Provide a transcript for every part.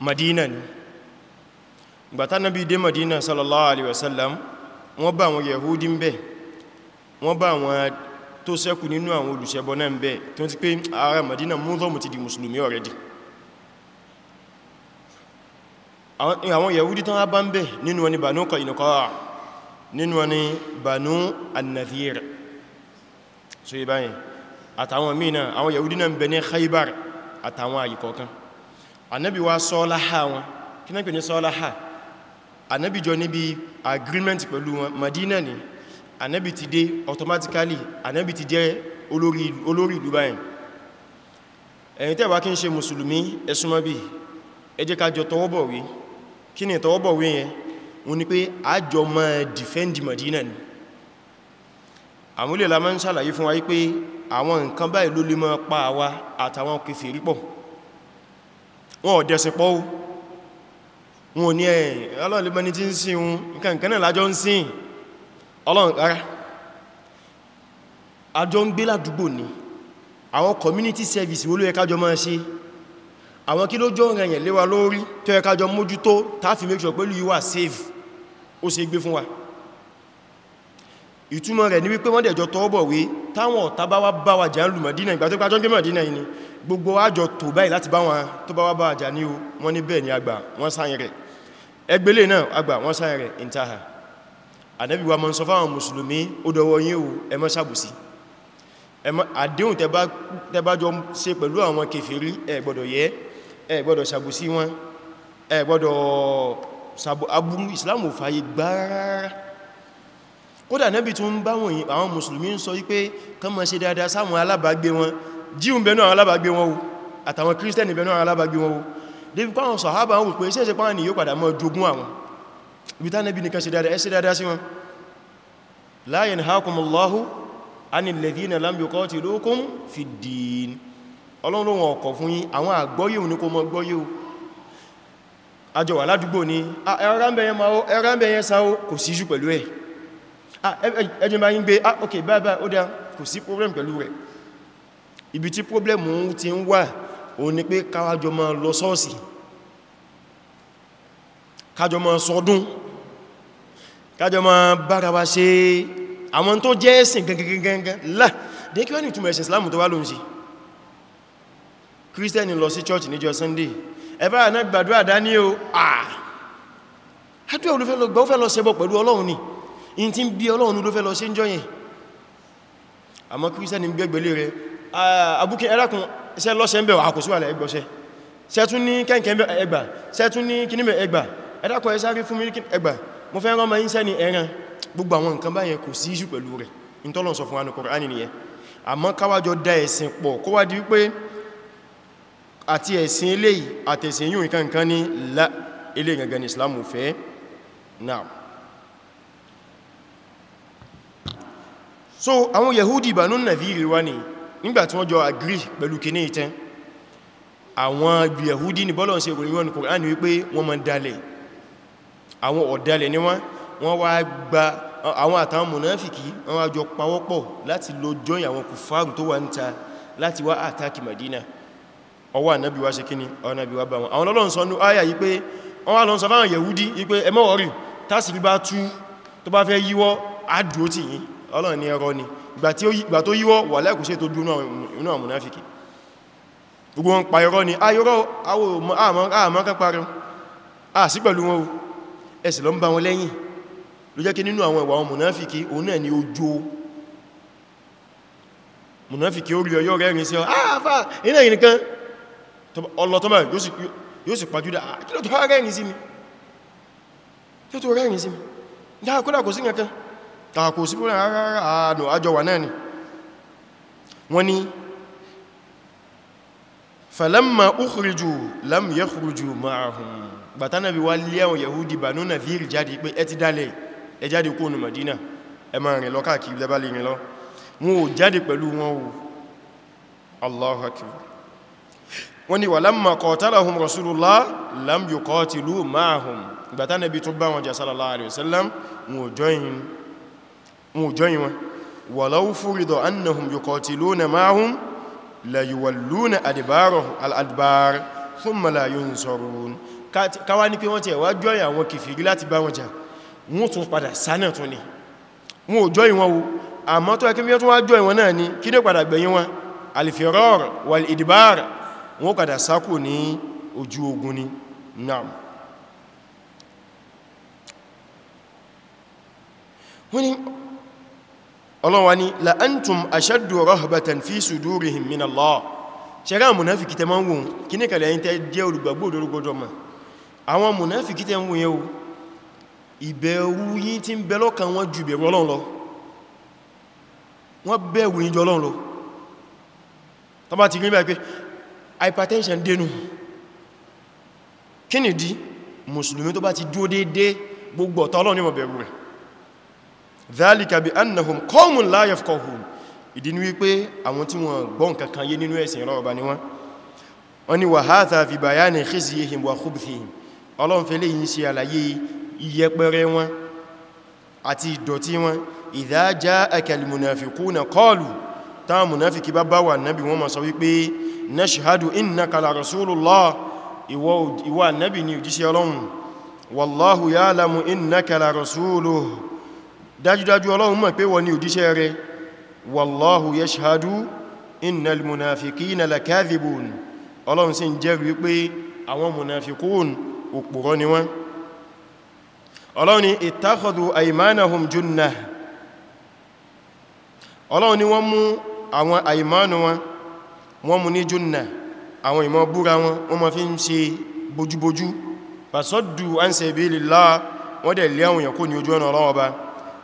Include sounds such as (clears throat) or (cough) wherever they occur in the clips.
madina ni gbàtà náà bí dé madina sallallahu alaihi wasallam wọ́n bá àwọn yahudi ń bẹ wọ́n bá àwọn tó ṣẹ́kù nínú àwọn olùṣẹbọ náà ń bẹ tó ti pé ara madina múzọ́mù ti di musulmi already àwọn yahudi tán bá ń bẹ nínú wani banu qainqaa nínú wani banu annadhir so ibáyìn àtàwọn mìíràn àwọn yahudi náà ń bẹ ní khaybar àtàwọn àyíkọ̀ọ̀kan anabi wa sọ́láhà wọn kí náà pè ní sọ́láhà anabi jọ níbi agreement pẹ̀lú wọn madina ni anabi ti dé automatically anabi ti jẹ́ olórí ìlú báyìí ẹ̀yin tẹ́wàá kí n ṣe mùsùlùmí ẹ̀súnmọ́ bí ẹ jẹ́ ká jọ tọwọ́bọ̀wé kí ni tọwọ́bọ̀wé yẹn wọ́n ní pé àjọ máa defend madina ni àwọn olè la máa ń ṣàlàyé fún wa pé àwọn nǹkan báyìí ló lè máa pa àwa àtàwọn kèfèrí pọ̀ wọn ò dẹ̀sìn pọ̀ wọn ò ní ẹ̀ ọlọ́ọ̀lẹ́mọ́ni tí ń sin un nǹkan náà lájọ́ ń sin ọlọ́run rárá àjọ ń gbé ládùúgbò ní àwọn community service wó ló yẹ kájọ máa ṣe àwọn kí ló jọ ìrìnyàn léwa lórí tó yẹ kájọ mójútó tá fi make sure pẹ̀lú yíwà save ó ṣe gbé fún wa ìtumọ̀ rẹ̀ ní wípé wọ́n dẹ̀jọ tọ́ọ̀bọ̀ wé táwọn ọ̀tá bá wá bá wa jà ń lù Mọ̀dínà ìgbà tó pàjọ́ ń gbé Mọ̀dínà yìí ni gbogbo àjọ tó báyìí láti bá wọn tó bá wá bá jà ní o wọ́n ní bẹ́ẹ̀ ni àgbà wọ́n sáyìn rẹ̀ ẹgbẹ́lẹ̀ náà àgbà wọ́n sáyìn rẹ̀ intaha Ànábì wa mọ́ sọ fáwọn mùsùlùmí ó dọwọ́ yín o ẹ má kódà nẹ́bì tún bá wọ̀nyí àwọn mùsùlùmí ń sọ wípé kán mọ́ ṣe dáadáa sáwọn alábàágbé wọn jíun bẹnu àwọn alábàágbé wọn o àtàwọn kírísítẹ́nì bẹnu àwọn alábàágbé wọn o débi páwọn sàhábà ń pé ṣe é ṣe páwọn ni yóò padà mọ́ jogún sí wọn pẹ̀lú ẹ̀ Ah, ẹjọ́ bá yín gbé ah ok bye bye ó dá kò sí problem pẹ̀lú rẹ̀ ibi tí problem ti ń wà òun ni pé káwàjọ máa lọ ṣọ́ọ̀ṣì kájọ máa sọdún kájọ máa bára wa ṣe àwọn tó jẹ́ ẹ̀sìn gangan lá church níjọ́ Sunday ẹ̀bá àná gbàdúrà dání o ah! àà adúrà olùfẹ́ lọ gbà ó fẹ́ in ti ń bí ọlọ́run ló fẹ́ lọ ṣe ń jọyìn àmọ́ kírísẹ́ ni gbẹ́gbẹ̀lé rẹ̀ abúkẹ́ ẹlákùn ṣe lọ́ṣẹ́ ń bẹ̀ àkòsíwà lẹ́ ẹgbọ́ṣẹ́ ṣe tún ní kẹ́ǹkẹ́ ẹgbà ṣe tún ní kínímẹ̀ ẹgbà ẹdákùn ẹ sáré fún mi ẹgbà mo fẹ́ rán ma ń sẹ́ni ẹran gbogbo àwọn nǹkan báyẹn kò sí ìṣù pẹ̀lú rẹ̀ in tọ́lọ̀ sọ Islam fẹ́ náà so àwọn yahudi Banu Nadhiri wá ní nígbàtí wọ́n jọ agree pẹ̀lú kìíní ìtẹ́ àwọn yahudi ní bọ́lọ̀ ṣe ìròyìn wọn Kùránì wípé wọ́n mọ́ dalẹ̀ àwọn ọ̀dalẹ̀ ni wọ́n wọ́n wá gba àwọn àtàwọn mùnáfìkì wọ́n wá jọ pawọ́pọ̀ láti lọ jọyìn àwọn kùfàrù tó wà níta láti wá Madina ọwọ́ ànábí wá ṣe kíní ọ̀nàbí wá bá wọn àwọn ọlọ́run sọ ní ayà yìí pé wọ́n wá lọ sọ fáwọn yahudi wípé ẹmọ́wọ̀rí tásìrí bá tú tó bá ọlọ́run ní ẹrọ ni ìgbà tó yíwọ́ wà láìkú ṣe tó dúnú àwọn mùnáfikì gbogbo wọn pa ẹrọ ni ayọ́rọ̀ àmọ́ kápárẹ à sí pẹ̀lú wọn ẹ̀sì lọ ń bá wọn lẹ́yìn ló jẹ́ kí nínú àwọn ìwà àwọn mùnáfikì òun náà ni ojo mùnáfikì ó rí ọyọ́ rẹ̀ rìn sí ah, àfà iná ìnìkan ọlọ́tọ́mọ̀ yóò sì pàjúdà ah, kí ló tó rẹ̀ sí mi kò sí púpọ̀ rárá àánú àjọ wà náà ni wọ́n ni falamma ukhriju lam yakhruju ma'ahum gbàtánàbí wá lé àwọn yahudi Banu Nadhir jáde pé ẹ ti dálẹ̀ ẹ jáde kó nù Madina ẹ rìn lọ káàkiri lẹ́bá rìn lọ wọn ò jáde pẹ̀lú wọn wọn ò jọyìn wọn walau fúridọ̀ annahum yuqatiluna ma'ahum la yuwalluna al-adbar thumma la yunsarun káwá ní pé wọ́n ti ẹ̀wà jọyìn àwọn kìfìrí láti bá wọn jà wọ́n tún wọ́n ni ọlọ́wà ní la'antum ashaddu rahbatan fi sudurihim min Allah ṣẹ́rá munafiki tẹ ma ń wùn kí ní kàlẹ̀ yí tẹ́ jẹ́ olùgbàgbò olórúgbọ́dọ̀ ma àwọn munafiki tẹ ń wùn yẹ́ o ìbẹ̀rù yín tí ń bẹ lọ́kàn wọn ju bẹ̀rù Ọlọ́run dhalika bi annahum qawmun la yafqahun ìdínú wípé àwọn tí wọ́n gbọ́n kankan yé nínú ẹ̀sìn rọ́ọ̀bá ni wọ́n wọ́n ni wa hadha fi bayani khizyihim wa khubthihim ọlọ́nfẹ́lẹ̀ yìí ṣe àlàyé iyẹpẹrẹ wọn àti ìdọ̀tí wọn idha ja'aka al-munafiquna qalu táà munafiki bá bá wà nábi wọ́n ma sọ wípé nashhadu innaka la rasulullah ìwà nábi ni òjíṣẹ́ ọlọ́run wallahu ya'lamu innaka la rasuluhu dájúdájú ọlọ́run mọ̀ pé wọ́n ni òjíṣẹ́ rẹ̀ wallahu yashhadu innal munafiqina lakathibun ọlọ́run sì ń jẹ́rìí pé àwọn munafiqun òpùrọ́ ni wọ́n ọlọ́run ni ittakhadhu aymanahum junnah ọlọ́run ni wọ́n mú àwọn àìmánu wọn wọ́n mú ní junnah àwọn ìmọ̀ búra wọn wọ́n ma fi ń ṣe bojúbojú fasaddu an sabilillah wọ́n dẹ̀ lé àwọn ní ojú ọ̀nà ọlọ́wọ́ ba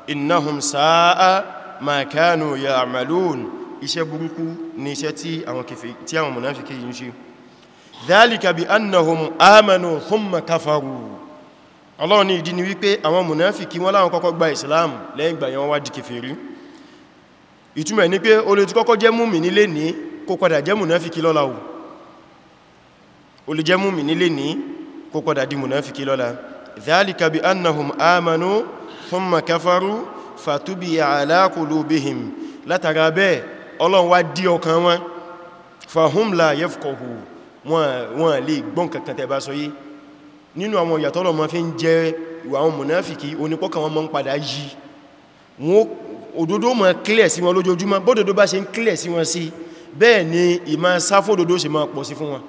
innahum sa'a ma kanu ya'malun iṣẹ́ burúkú ni iṣẹ́ tí àwọn kèfèrí tí àwọn munafiki yin ṣe dhalika bi annahum amanu thumma kafaru Allah ní ìdí ni wípé àwọn munafiki wọ́n láwọn kọ́kọ́ gba islam lẹ́yìn gbà yẹn wá di kèfèrí ìtumọ̀ ni pé ó lè ti kọ́kọ́ jẹ́ mùmínì leni kó padà jẹ́ munafiki lọ́la o ó lè jẹ́ mùmínì leni kó padà di munafiki lọ́la dhalika bi annahum amanu thumma kafaru fatubiya ala qulubihim látara bẹ́ẹ̀ ọlọ́run wá dí ọkàn wọn fahum la yafqahu wọn lè gbọ́n kankan tẹ́ bá sọ yé nínú àwọn ìyàtọ́lọ̀ ma fi ń jẹ ìwà àwọn mùnáfìkì onípọ́kàn wọn mọ́ ń padà yí wọn òdodo ma clear sí wọn lójoojúmọ́ bódodo bá ṣe ń clear sí wọn sí bẹ́ẹ̀ ni ìmá sáfódodo ṣe ma pọ̀ sí fún wọn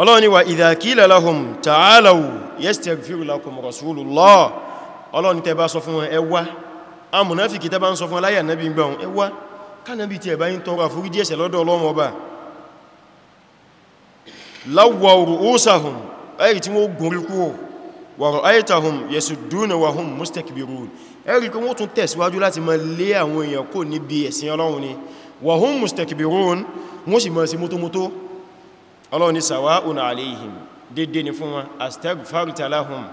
ọlọ́ni wa idha qila lahum ta'alaw yastaghfir lakum rasulullah ọlọ́ni tẹ bá sọ fún wọn ẹwà a mùnáfíkì tẹ bá ń sọ fún aláyà nábi ń gbọ́n ẹwà kánàbí tẹ bá ń tọrọ àforíjì ẹ̀ṣẹ̀ lọ́dọ̀ Ọlọ́run Ọba lawwaw ru'usahum ẹ̀rì tí wọ́n gùnrí kúrò wa ra'aytahum yasudduna wa hum tún tẹ̀síwájú láti máa lé àwọn èèyàn kò níbi ẹ̀sìn Ọlọ́run ni wa hum mustakbirun wọ́n sì máa sí mótómótó ọlọ́run ní sawa'un alayhim dédé ni fún wọn astagfarta lahum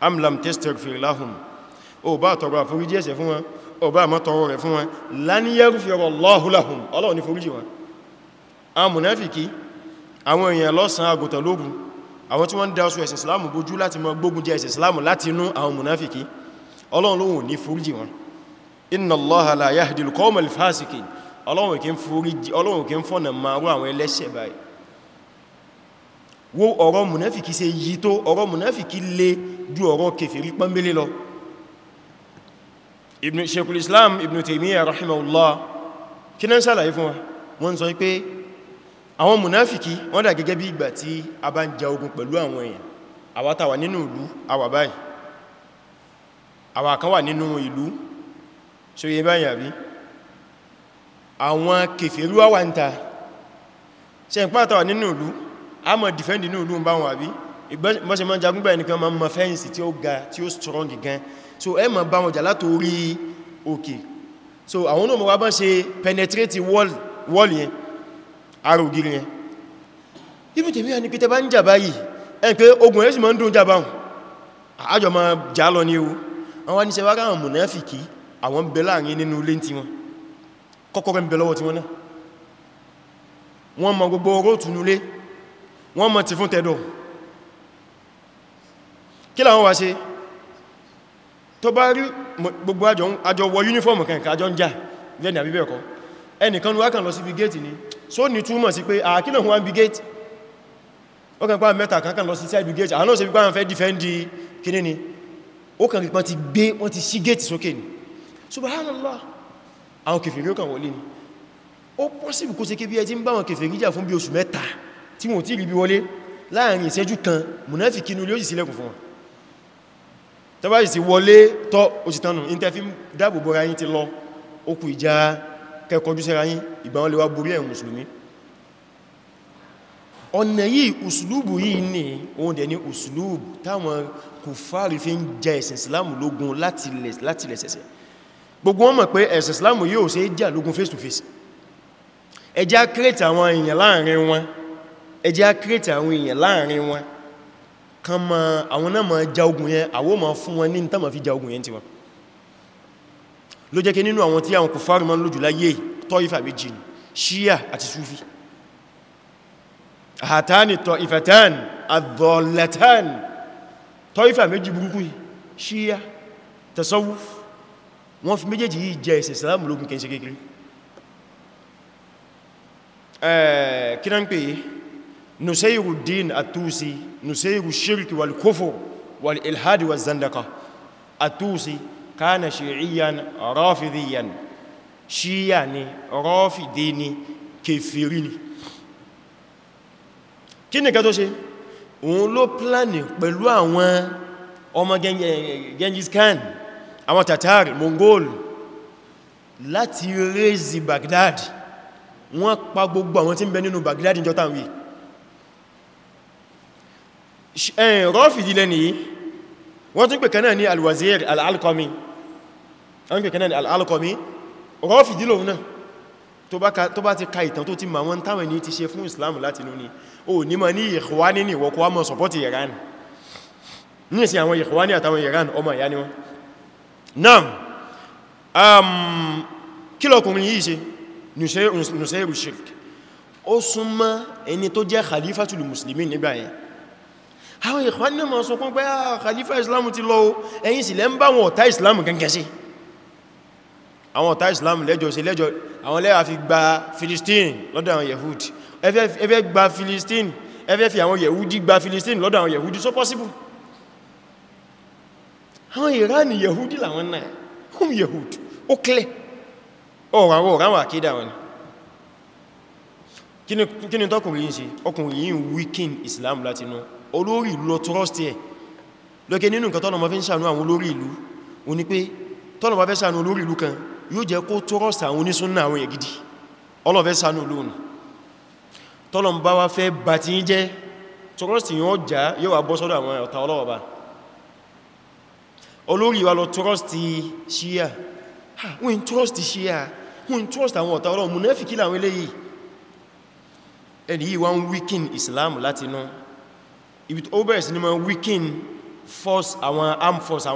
am lam tastagfir lahum o bá tọrọ àforíjì ẹ̀ṣẹ̀ fún wọn o bá má tọrọ rẹ̀ fún wọn lan yaghfirallahu lahum ọlọ́run ní foríjì wọn àwọn mùnáfìkì àwọn èèyàn lọ́sàn àgùntàn lógun àwọn tí wọ́n ń dáṣọ ẹ̀sìn islamu bójú láti mọ gbógun jẹ ẹ̀sìn islamu láti inú àwọn mùnáfìkì ọlọ́run kí ń fọ́nà máa àwọn ẹlẹ́ṣẹ̀ báyìí wo ọ̀rọ̀ mùnáfìkì ṣe yí tó ọ̀rọ̀ mùnáfìkì lé ju ọ̀rọ̀ kèfèrí pọ́nbélé lọ ibn sheikhul islam ibn taymiyyah rahimahullah kí náà sàlàyé fún wa wọ́n sọ pé àwọn mùnáfìkì wọ́n dà gẹ́gẹ́ bí ìgbà tí a bá ń ja ogun pẹ̀lú àwọn èèyàn àwa tá wà nínú ìlú àwa báyìí àwa kan a mọ̀ defend inú ìlú báwọn àbí ìgbọ́sẹ̀ mọ́ jagun bẹ̀rẹ̀ nìkan ma mọ̀ fẹ́yìnsì tí ó ga tí ó strong gan so ẹ mọ̀ báwọn jà látorí òkè so àwọn náà mọ̀ wá bá ṣe penetrate wall wall yẹn ara ògiri yẹn ibi tèmi ya ni pé tẹ bá ń jà báyìí ẹn pé ogun ẹ̀ sì mọ́ ń dún jà báwọn àjọ ma jà lọ ní ewu àwọn aníṣẹ́ wá ráhùn mùnáfìkì àwọn bẹ láàrin nínú ilé tí wọn kọ́kọ́rẹ́ ń wọ́n mọ gbogbo rótùnulé wọ́n mọ̀ ti fún tẹ́dọ̀ kí làwọn wá ṣe tó bá rí gbogbo àjọ wọ uniform kẹ̀kẹ́ àjọ ń jà lẹ́nà àbíbẹ̀ ẹ̀kọ́ ẹnìkan wá kàn lọ sí bí ni só ní túmọ̀ sí pé àkílẹ̀ wọn bí gẹ́ẹ̀tì ó kàn pa mẹ́ta kankan lọ sí ni ó kàn rí pọ́n ti gbé wọ́n ti sí gẹ́ẹ̀tì sókè ni subhanallah àwọn kèfèrí ó kàn wọlé ni ó pọ́sìbù kó fún bí oṣù mẹ́ta tí wọ́n ti rí bí wọlé láàrin ìṣẹ́jú kan mùnáfìkí inú ilé ó sì sílẹ̀kùn fún wọn tó bá sì wọlé tọ́ òsìtànù ìntẹ́fí dáàbò bọ́ra yín ti lọ okù ìjà kẹkọjú sẹ́ra yín ìgbà wá borí ẹ̀rùn mùsùlùmí ọ̀nà yìí ùsùlùbù yìí ní oun dẹ̀ ní ùsùlùbù táwọn kùfàrí fi ń jà ẹ̀sìn islamu lógun láti lẹ̀sẹ̀sẹ̀ gbogbo wọn mọ̀ pé ẹ̀sìn islamu yóò ṣe é jà lógun face to face ẹjá kírètì àwọn èèyàn láàrin wọn ẹ jẹ́ á kírètì àwọn èèyàn láàrin wọn kan ma àwọn náà ma ja ogun yẹn àwọ́ ma fún wọn ní tàbí fi ja ogun yẹn ti wọn ló jẹ́ kí nínú àwọn tí àwọn kùfàrí ma ń lójú láyé tọ́ífà méjì ni ṣíyà àti súfí àtàní tọ́ífàtàn àdọ̀lẹ̀tàn tọ́ífà méjì burúkú ṣíyà tasawuf wọ́n fi méjèèjì yìí jẹ ẹ̀sẹ̀ sàlámù lógun kẹ́ نسير الدين التوسي نسير الشرك والكفر والإلحاد والزندقة التوسي كان شيعيا رافضيا شيعاني رافضيني كفريني kí ni kàtọ́ ṣe òun ló pláni pẹ̀lú àwọn ọmọ Genghis Khan àwọn Tatar Mongol láti rẹ́zì Baghdad wọ́n pa gbogbo àwọn tí ń bẹ nínú Baghdad ìjọta wíì Eh, rọ́fìdí lẹ́ni wọ́n tún pè kanáà ní alwazir al'alqami wọ́n pè kanáà ní al'alqami rọ́fìdí lòun náà tó bá ti ka ìtàn tó ti ma wọn táwọn ní ti ṣe fún islam láti nú ni o ní ma ní ikhwani ní ìwọ̀kọ́ mọ́ sọpọ́tì iran ní ìsìn àwọn ikhwani àtàwọn iran ọmọ ìyá ni wọ́n ẹni tó jẹ́ khalifatul muslimin nígbà yẹn àwọn ìkwọ́n ní ma sọkún pé àkàlífà ah, islamu ti lọ ẹ̀yìn sì lẹ ń bá wọn ọ̀tá islamu gẹ́gẹ́ sí àwọn ọ̀tá islamu lẹ́jọ́ sí lẹ́jọ́ àwọn lẹ́yà fi gba philistine lọ́dọ̀ àwọn yehud ẹfẹ́ gba philistine ẹfẹ́ fi àwọn yehudi gba philistine lọ́dọ̀ àwọn yehudi so possible àwọn iran yehudi làwọn náà hum yehud ó clear ọ̀rọ̀ àwọn ọ̀rọ̀ àwọn àkídà wọn kí ni tọ́kùnrin yìí ń ṣe ọkùnrin islam látinú olórí ìlú lọ trust ẹ̀ lọ́kẹ́ nínú nǹkan tọ́nà ma fi ń sànú àwọn olórí ìlú o ní pé tọ́nà ma fẹ́ sànú olórí ìlú kan yóò jẹ́ kó trust àwọn onísúnnà àwọn èyàn gidi ọlọ́fẹ́ sànú olóòrùn tọ́nà bá wá fẹ́ bà ti ń jẹ́ trust yóò já yóò wà bọ́ sọ́dọ̀ àwọn ọ̀tá ọlọ́ọ̀bá trust ṣíyà wọ́n trust ṣíyà wọ́n ń trust àwọn ọ̀tá ọlọ́ọ̀ munafiki làwọn eléyìí Islam látinú ibi tó bẹ̀rẹ̀ sí ni mọ̀ weaken force àwọn armed force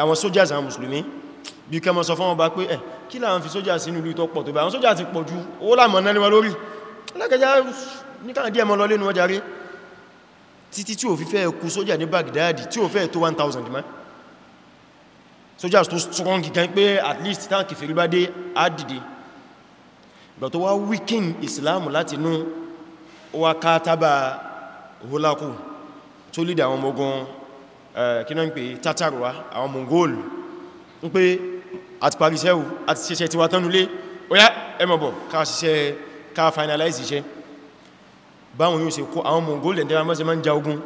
àwọn soldiers àwọn musulmi bí kẹmọ sọ fún ọba pé ẹ̀ eh, kí láwọn fi soldiers sínú ìlú tó pọ̀ tó bá àwọn soldiers ti pọ̀ ju owó láàmọ̀ náà níwá lórí alákẹjá ní káà díẹ̀ mọ́ lọ lẹ́nu ọjà rí títí tí ò fi fẹ́ kú soldier ní Baghdad tí ò fẹ́ soldiers tó strong gan pé at least tánkì fèrí bá dé á dìde ìgbà tó wá weaken Islam látinú ó wá ká tábà hulaku tó lìdí àwọn ọmọ ogun eh, kí náà ń pè tátàrùwá àwọn mongol ń pé àti parí iṣẹ́ àti ṣiṣẹ́ ti wá tánulé ọ̀yá ẹmọ̀bọ̀ ká ṣiṣẹ́ ká finalize iṣẹ́ báwọn yóò ṣe kó àwọn mongol lẹ́ndẹ́ wọ́n máa ń ja ogun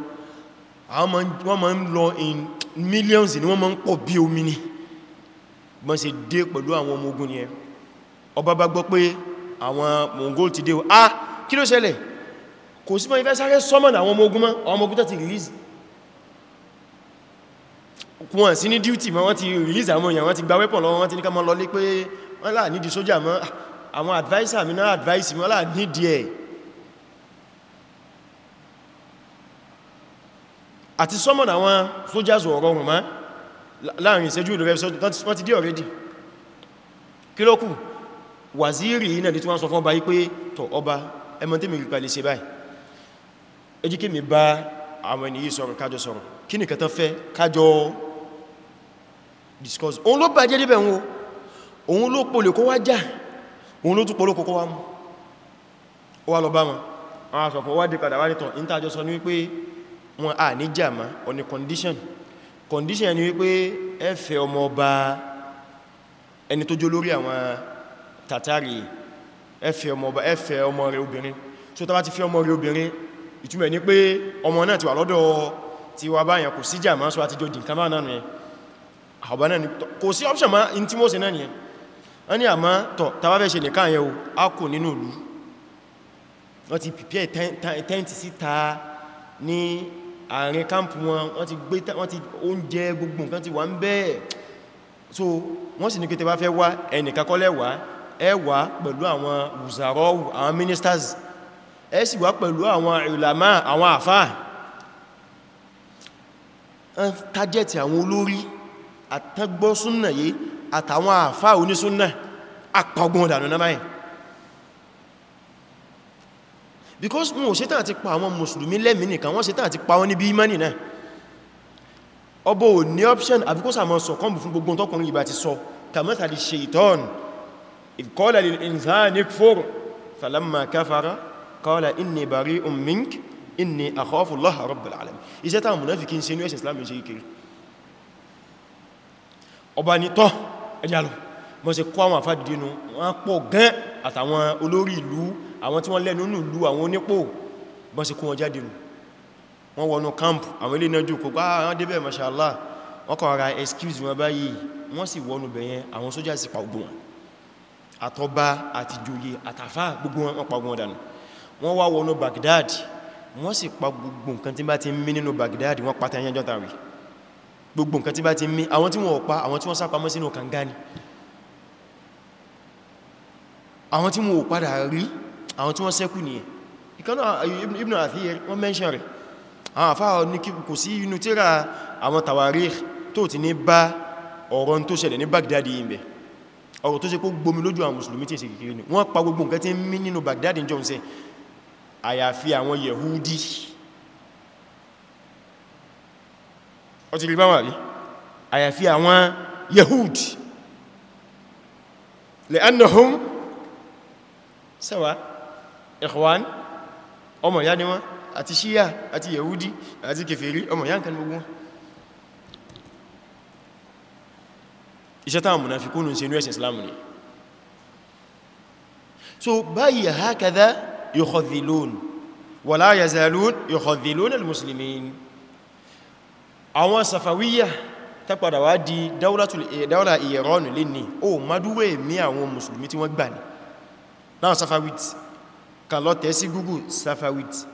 wọ́n máa ń lọ in millions ni wọ́n máa ń pọ̀ bí omi ni bọ́n ṣe dé pẹ̀lú àwọn ọmọ ogun yẹn ọba bá gbọ́ pé àwọn mongol ti dé ah kí ló ṣẹlẹ̀ kò sí mọ́ ìfẹ́ sáré sọ́mọ̀nà àwọn ọmọ ogun mọ́ ọmọ ogun tó ti release wọn sí ní duty mọ́ wọ́n ti release àwọn èèyàn wọ́n ti gba weapon lọ́wọ́ wọ́n ti ní ká mọ́ lọlé pé wọ́n láà nídi sójà mọ́ ah, àwọn advisor mi náà advice mi wọ́n láà nídi ẹ̀ àti sọ́mọ̀nà àwọn soldiers ọ̀rọ̀ wọn mọ́ láàrin ìṣẹ́jú ìlú wọ́n ti dé already kí ló kù wàzírì náà ní tí wọ́n sọ fún ọba yí pé tọ̀ ọba ẹmọ tí mi rí pa lè ṣe báyìí ẹjí kí mi bá àwọn ènìyàn sọ̀rọ̀ kájọ sọ̀rọ̀ kí ni kẹta fẹ́ kájọ discuss òun ló bàjẹ́ débẹ̀ wọn òun ló pòlè kó wá já òun ló tún pòlè kó wá mú ó wá lọ bá wọn àwọn àṣọ̀fọ̀ wá condition condition ni wípé ẹ fẹ́ ọmọ ọba ẹni tó jó lórí àwọn tàtàrí ẹ obìnrin so tá bá ti fẹ́ ọmọ rẹ̀ obìnrin ìtumẹ̀ ní pé ọmọ náà ti wà lọ́dọ̀ ti wà báyàn kò sí jà máa sọ àti jò dìnkan máa náà nìyẹn àwọ̀bá náà kò sí option máa in tí mọ́ sí náà nìyẹn a ní àmá tọ̀ tàbá fẹ́ ṣe nìkan yẹn a kò nínú ìlú wọ́n ti pìpẹ́ tẹ́ntì síta ní àárín kámpù wọn wọ́n ti gbé wọ́n ti oúnjẹ gbogbo nǹkan ti wà so wọ́n sì ní kí tẹ bá fẹ́ wá ẹnìkan kọ́lẹ̀ wá ẹ pẹ̀lú àwọn wùzàrọ̀ àwọn ministers ẹ sì wá pẹ̀lú àwọn ìlàmá àwọn àfáà tàjẹ̀tì àwọn olórí àtẹ́gbọ́ súnnà yìí àtàwọn àfáà onísúnnà àpagún ọ̀dànà náà báyìí because wọn ò ṣetán àti pa àwọn mùsùlùmí lẹ́mí nìkan wọ́n ṣetán àti pa wọ́n níbi imani náà ọbọ̀ ò ní option àbíkó sàmọ́ sọ kọ́mbù fún gbogbo tọkùnrin ìbá ti sọ kàmẹ́ta ṣe ìtọ́n ìkọ́lẹ̀ lè ìzánikfòrò falamma káfàrá qala inni bari'un mink inni akhafu Allah rabbul alamin iṣẹ́ táwọn munafiki ń ṣe ní ẹ̀sìn Islam ṣe kékeré ọba ní tọ́ ẹjá lọ mọ́ sí kọ́ àwọn àfádìdínú wọ́n pọ̀ gán àtàwọn olórí ìlú àwọn tí wọ́n lẹ́nu nù lú àwọn onípò bọ́ sí kó wọn jáde nù wọ́n wọnú camp àwọn ilé náà jùkú pá àwọn débẹ̀ mashallah wọ́n kọ̀ ara excuse wọn báyìí wọ́n sì wọnú bẹ̀yẹn àwọn sójà sì pa ogun wọn àtọba àti joyè àtàfà gbogbo wọn pa ogun wọn dànù wọ́n wá wọnú Baghdad wọ́n sì pa gbogbo nǹkan tí bá ti mí nínú Baghdad wọ́n pa tẹ́yẹn jọta rí gbogbo nǹkan tí bá ti mí àwọn tí wọ́n pa àwọn tí wọ́n sápamọ́ sínú kànga ni àwọn tí wọ́n padà rí àwọn tí wọ́n ṣẹ́kù nìyẹn ìkaná Ibn Athir wọ́n mẹ́ṣẹ́ rẹ̀ àwọn àfáà ní kò sí inú tíra àwọn tawarikh tó ti ní bá ọ̀rọ̀ tó ṣe kó gbomi lójú àwọn mùsùlùmí tí èsì ni wọ́n pa gbogbo nǹkan tí ń mí nínú Baghdad jọun àyàfi àwọn yẹ̀húdí ó ti rí bá wà rí àyàfi àwọn yẹ̀húdí li'annahum sawa ikhwan ọmọ ìyá ni wọ́n àti ṣíyà àti yẹ̀húdí àti kèfèrí ọmọ ìyá nǹkan gbogbo iṣẹ́ táwọn munafikúnù ṣe ní ẹ̀sìn Islam ni so báyìí hakadha yukhadhilun wala yazalun yukhadhilun al-muslimin àwọn safawiyya tá padà wá di eh, dáúlà ìyẹ̀rọ́nù lè ní o madúwé mí àwọn musulmi tí wọ́n gbà ní náà safawit kan lọ tẹ́ sí google safawit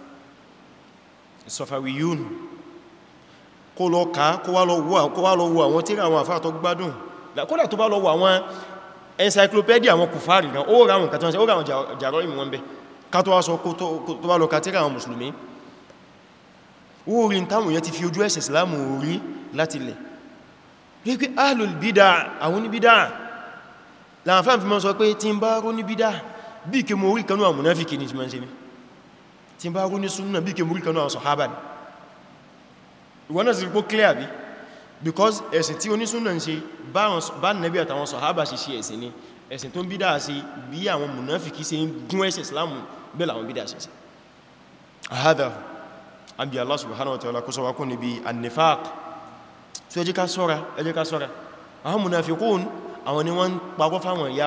safawiyun kó lọ ká kó wá lọ wo àwọn tíra àwọn àfáà tó gbádùn kódà tó bá lọ wo àwọn encyclopedia àwọn kùfààrí náà ó ráwọn kàtàwọn jàrọ ìmú wọn bẹ́ẹ̀ kátó wá sọ tó bá lọ kàtíra àwọn mùsùlùmí orin táwọn yẹn ti fi ojú ẹ̀sìn islamu orí láti lẹ̀ rí pé ahlul bídá àwọn oníbídá láwọn fáàmì fi mọ́ sọ pé tí ń bá rú ní bídá bí kí because ẹ̀sìn tí onísúnnà ń ṣe bá nẹ́bí àtàwọn sọ̀hábà sì ṣe ẹ̀sìn ni ẹ̀sìn tó ń bídá sí bí àwọn mùnáfikí ṣe ń gún ẹ̀sìn islamu bẹ́ẹ̀ làwọn bídá sí ahádà àbí Allah subhanahu wa ta'ala kó sọ wá kún níbi annifaq so ẹ jẹ́ ká ṣọ́ra ẹ jẹ́ ká ṣọ́ra àwọn munafikun àwọn ni wọ́n pàkọ́ ìyá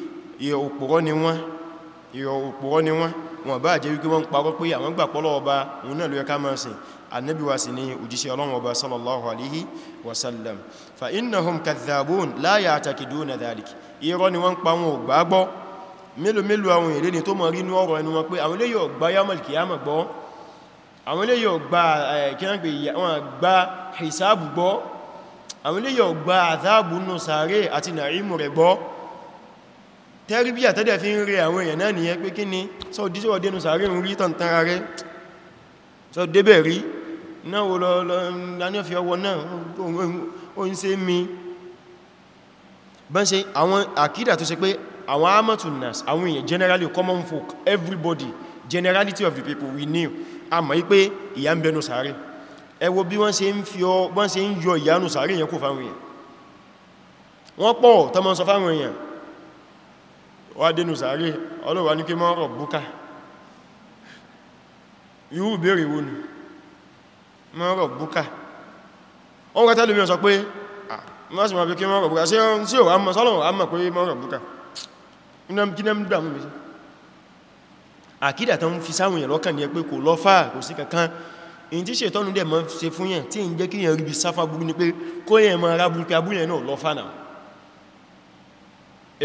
òpùrọ́ ni wọ́n ìrọ̀ òpùrọ́ ni wọ́n wọ́n bá jẹ́ wípé wọ́n parọ́ pé àwọn gbà pọ́lọ́ ọba òun náà ló yẹ ká máa sìn annabi sì ni òjíṣẹ́ ọlọ́run ọba sallallahu alaihi wasallam fa innahum kadhabun la ya'taqiduna dhalik irọ́ ni wọ́n pa ni tó mọ̀ wọn pé àwọn tẹ́rìbí àtẹ́dẹ̀ fi ń rí àwọn èèyàn náà nìyẹn pé kí ni sọ díṣẹ́ ọdẹ́nu sàárè ń rí tàn tàrà rẹ̀ sọ débẹ̀ rí náà wò lọ lọ́nàfí ọwọ́ náà ó ń ṣe mi bọ́n ṣe àwọn àkídà tó ṣe pé àwọn amatunas àwọn èèyàn generally common folk everybody generality of the people we knew a mọ̀ wípé ìyà ń bẹnu sàárè ẹ wo bí wọ́n ṣe ń fi ọ wọ́n ṣe ń yọ ìyanu sàárè yẹn kò fáwọn èèyàn wọ́n pọ̀ tọmọ sọ fáwọn èèyàn wá dénú sàárè ọlọ́wà ní kí mọ́ rọ̀ búká irú ìbéèrè wo ni mọ́ rọ̀ búká ó rẹ̀ tẹ́lùmí sọ pé mọ́ sí ma fi kí mọ́ rọ̀ búká sí ọ̀rọ̀ sí ọ̀rọ̀ sọ́lọ̀ àmà pé mọ́ rọ̀ búká kí náà dàmú mi sí àkídà tó ń fi sáwọn èèyàn lọ́kàn ní ẹgbẹ́ kò lọ fà kò sí kankan in tí ṣètọ́nù dẹ̀ mọ́ ṣe fún yẹn tí ń jẹ́ kí yẹn rí bí sáfà burú ni pé kó yẹn mọ́ ara burú pé abúrú yẹn náà lọ fà náà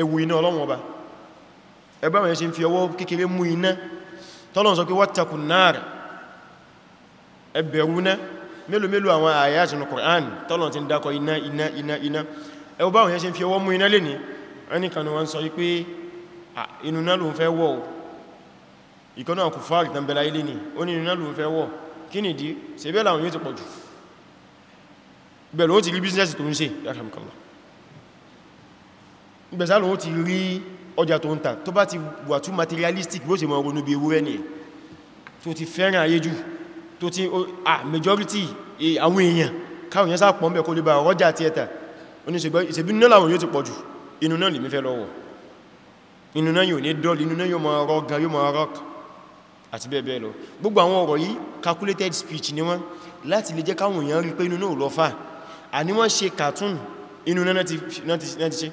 ewu iná ọlọ́wọ́n ọba ẹgbẹ́ àwọn ẹ̀ṣin fi ọwọ́ kékeré mú iná tọ́lọ̀n sọ pé wattaqun nar ẹbẹ̀rú ná mélòó mélòó àwọn àyàtì ní Qur'an tọ́lọ̀n ti ń dákọ iná iná iná iná ẹgbẹ́ àwọn ẹ̀ṣin fi ọwọ́ mú iná lè ní ẹnìkan wọn sọ pé inú náà ló ń fẹ́ wọ̀ ìkọ́nà àkùfáàrì tàbílá ọjà tó ń tà tó bá ti wà tún materialistic bó ṣe mọ̀ ronú bí ewúrẹ́ ni tó ti fẹ́ràn ayé jù tó ti à majority e, àwọn èèyàn káwọn yẹn sápọ̀ mẹ́ kó lè bá ọjà ti ẹta oníṣẹ́bí náà làwọn yóò ti pọ̀ jù inú náà lè mẹ́fẹ́ lọ́wọ́ inú náà yóò ní dọ́ọ̀lì inú náà yóò máa rọ gan yóò máa rock àti bẹ́ẹ̀ bẹ́ẹ̀ lọ gbogbo àwọn ọ̀rọ̀ yìí calculated speech ni wọ́n láti lè jẹ́ káwọn èèyàn rí pé inú náà lọ fà àní wọ́n ṣe cartoon inú náà ti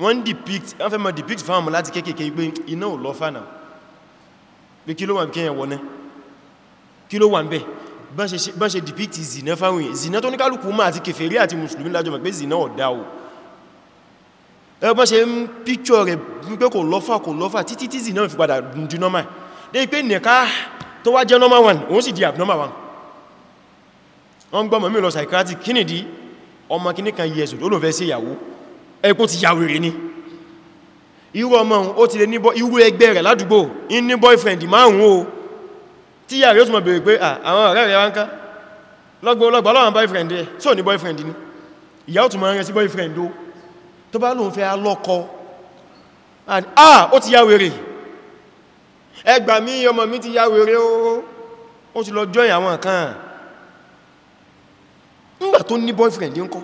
wọ́n depict wọ́n fẹ́ mọ̀ depict fáwọn láti kéèkéé pé iná ò lọ fánà pé kí ló wà kí ẹ̀wọ̀n náà kí ló wà ń bẹ̀ bá ṣe depict zina fáwọn èèyàn zina tó ní kálùkù máa àti kèfèrí àti mùsùlùmí lájọ mọ̀ pé zina ò dá o ẹgbọ́n ṣe ń píkọ̀ rẹ̀ pé kò lọ́fà kò lọ́fà títí tí zina fi padà di normal dé pé nìká tó wá jẹ́ normal one òun sì di abnormal one wọ́n gbọ́mọ̀ mí lọ psychiatric kí nìdí ọmọ kìnnìkan yẹsùn ó lò fẹ́ sí ìyàwó ẹ̀pọ̀ ti ya wèrè ni irú ọmọ ó ti lè ní irú ẹgbẹ́ rẹ̀ ládùúgbò in ní boyfriend márùn ún o tí yà rí ó túnmọ̀ bèèrè pé àwọn ọ̀rẹ́ rẹ̀ ránká lọ́gbọ́lọ́gbọ́ láwọn boyfriend ẹ̀ tí ò boyfriend ni ìyá ó túnmọ̀ boyfriend o tó bá lóun fẹ́ alọ́kọ ah ti lọ join àwọn kan nígbà tó ní boyfriend ńkọ́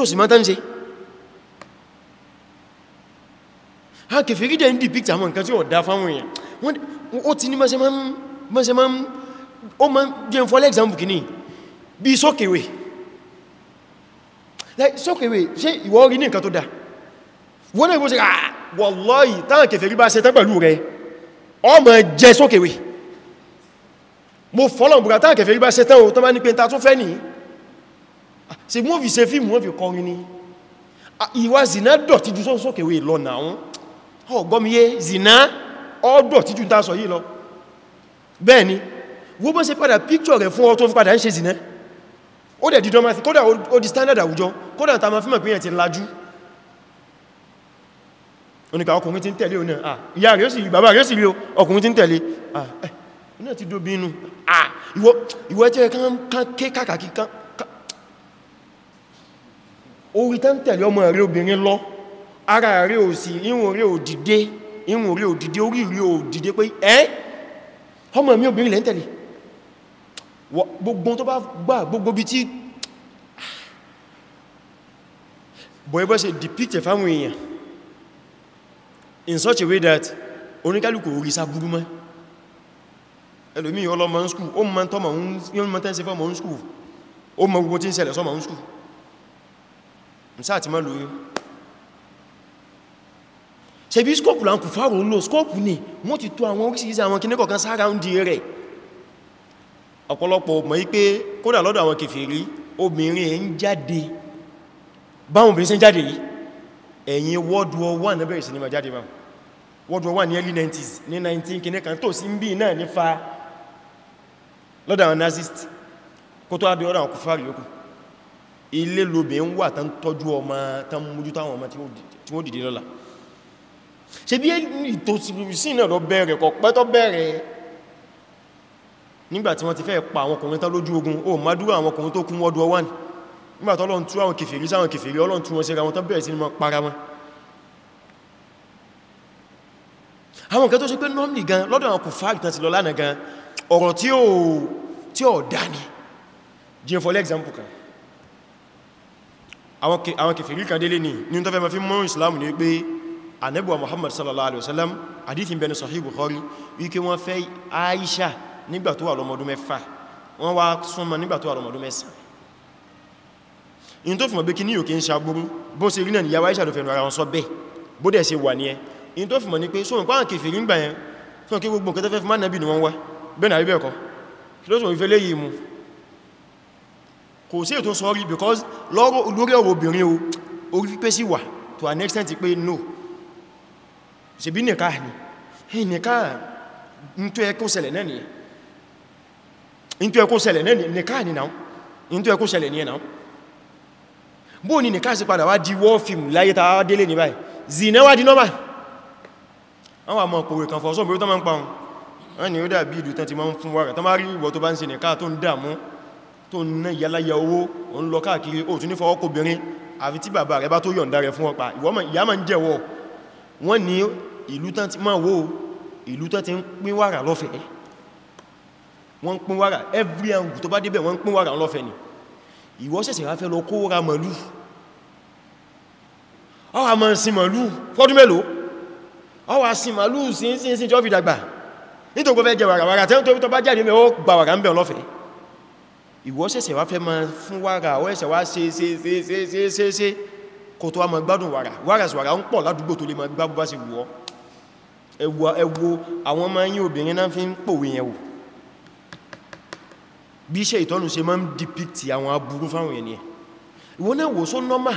tó sì mọ́ta ń ṣe ha kèfèrí dẹ̀ ń depict àwọn nǹkan tí ó dá fáwọn èèyàn ó ti ní mọ́sẹ̀ máa ń ó máa ń jẹ́ fọ́lẹ̀ example kìíní bí sókèwé sókèwé ṣe ìwọ orí ní nǹkan tó dá wọ́n náà ìgbóṣe ah, wallahi táwọn kèfèrí bá ṣe tán pẹ̀lú rẹ ọmọ jẹ sókèwé mo fọ́lọ̀ bùrátà kèfèrí bá ṣe tán ò tán bá ní pé ta tún fẹ́ nìí Se wọ́n fi se fíìmù wọ́n fi kọrin ni ìwà zina dọ̀tí ju sọ́sọ́kẹ̀wé lọ náà ọgọ́mìyẹ zina ọdọ̀tí ju tásọ yìí lọ bẹ́ẹ̀ni wọ́n bọ́ ṣe padà píkṣọ̀ rẹ̀ fún ọtọ́ padà ń ṣe zina ó dẹ̀ dídọ́ máa fi kódà ó di standard àwùjọ kódà ta ma fíìmọ̀ pé yẹn ti lajú oníkà ọkùnrin tí ń tẹ̀lé oní à ìyá rẹ̀ ó sì rí bàbá rẹ̀ ó sì rí ọkùnrin tí ń tẹ̀lé à ẹ̀ iná ti dóbi inú à ìwọ́ ẹ̀tẹ́ kan ké orí tán tẹ̀lé ọmọ rẹ̀ obìnrin lọ ara rẹ̀ ò sí ìwọ̀n rẹ̀ ò dìde ìwọ̀n rẹ̀ ò dìde orí rẹ̀ ò dìde pé ẹ́ ọmọ mi obìnrin lẹ́ ń tẹ̀lé gbogbo tó bá gbà gbogbo bí tí bọ̀ẹ́bọ́ ṣe depict fáwọn èèyàn in such a way that oníkálùkù orí sá burú mọ́ ẹlòmí ọlọ́mọ ń skú ó mọ́ tọ́mọ̀ ń skú ó mọ́ gbogbo tí ń ṣẹlẹ̀ sọ́mọ̀ ń skú sáà ti mọ́ lóyún ṣe bí skópù láńkù fáwọ̀ ń lò skópù ní wọ́n ti tó àwọn oríṣìíṣẹ́ àwọn kìnnìkọ̀ kan sára ń di rẹ̀ ọ̀pọ̀lọpọ̀ mọ̀ wípé kódà lọ́dọ̀ àwọn kèfèrí obìnrin ń jáde báwọn obìnrin ṣe ń jáde yìí ẹ̀yìn world war one náà bẹ̀rẹ̀ sí ní jáde ma world war one ní early 90s ní 19 kìnnìkan tó sí ń bí náà nífa lọ́dọ̀ àwọn nazist kó tó á bí ọ̀dọ̀ àwọn kùfàrí yòókù ilé lóbi ń wà tán tọ́jú ọmọ tán mójú táwọn ọmọ tí wọ́n dìde lọ́la ṣe bí ìtòsí náà lọ bẹ̀rẹ̀ kọ̀ pẹ́ tó bẹ̀rẹ̀ nígbàtí wọ́n ti fẹ́ pa àwọn ọkùnrin tán lójú ogun o má dúró àwọn ọkùnrin tó kún wọ́dú ọwán nígbàtí ọlọ́run tú àwọn kèfèrí sáwọn kèfèrí ọlọ́run tú wọn síra wọn tán bẹ̀rẹ̀ sí ní máa para wọn àwọn nǹkan tó ṣe pé normally gan lọ́dọ̀ àwọn kò fáàgì tán ti lọ lánàá gan ọ̀rọ̀ tí ó dá ní jẹ́ for example kan àwọn kèfèrí kan délé ní ní tó fẹ́ ma fi mọ́ ìsìlámù ní pé anẹ́bùwa muhammad sallallahu alaihi wasallam hadithin bẹni sahih bukhari wíké wọ́n fẹ́ aisha nígbà tó wà lọ́mọdún mẹ́fà wọ́n wá súnmọ́ nígbà tó wà lọ́mọdún mẹ́sàn in tó fìmọ̀ bí kí ní òkè ń sàgbórú bó ṣe rí náà ni yàwó aisha ló fẹ́nu ara wọn sọ bẹ́ẹ̀ bó dẹ̀ ṣe wà ní ẹ in tó fìmọ̀ ní pé sóhun pàwọn kèfèrí ń gbà yẹn sóhun kí gbogbo nǹkan tó fẹ́ fi má nàbì ni wọ́n wá bẹ́ẹ̀ nàbí bẹ́ẹ̀ kọ́ kí ló sọ ìfẹ́ léyìí mu kò sí ètò sọ́rí because lórí ọ̀rọ̀ obìnrin o orí pípẹ́ sí wà to an extent pé no ṣe bí nìká ní hey nìká ní tó ẹkó ṣẹlẹ̀ náà nìyẹn ní tó ẹkó ṣẹlẹ̀ náà nìká ní náà ní tó ẹkó ṣẹlẹ̀ nìyẹn náà bó ní nìká sí padà wá di war film láyé ta délé ní báyìí zina wá di nọ́mà àwọn àmọ́ pòwé kan fọ́sọ́ bí ó tán ni ó dàbí ìdù tán ti máa ń fún wára tán máa tó ń ná yálàyà owó o ń lọ káàkiri o tún ní fọwọ́ kòbìnrin àfi tí bàbá rẹ bá tó yọ̀ǹda rẹ fún ọpa ìyá ma ń jẹ́wọ́ wọ́n ní ìlú tán ti máa wó ìlú tán ti ń pín wàrà lọ́fẹ̀ẹ́ wọ́n pín wàrà every angle tó bá débẹ̀ wọ́n pín wàrà lọ́fẹ̀ẹ́ ni ìwọ ṣẹ̀ṣẹ̀ ráfẹ́ lọ kó ra màlú ọwà ma ń sin màlú fọ́dún mélòó ọwà sin màlú sí sí sí jọ́ fi dàgbà nítorí gbọ́fẹ́ jẹ wàrà wàrà ìwọ ṣẹ̀ṣẹ̀ wá fẹ́ ma fún wàrà ọ ẹ̀ṣẹ̀ wá ṣe ṣe ṣe ṣe ṣe ṣe ṣe kò tó wá ma gbádùn wàrà wàrà ṣwàrà ń pọ̀ ládùúgbò tó lè ma gbá bá sí wọ́ ẹwọ àwọn ọmọ yí obìnrin náà fi ń pòwe yẹn wò bí iṣẹ́ ìtọ́nù ṣe ma ń dipikti àwọn aburú fáwọn ènìyàn ìwọ náà wò só nọ́mà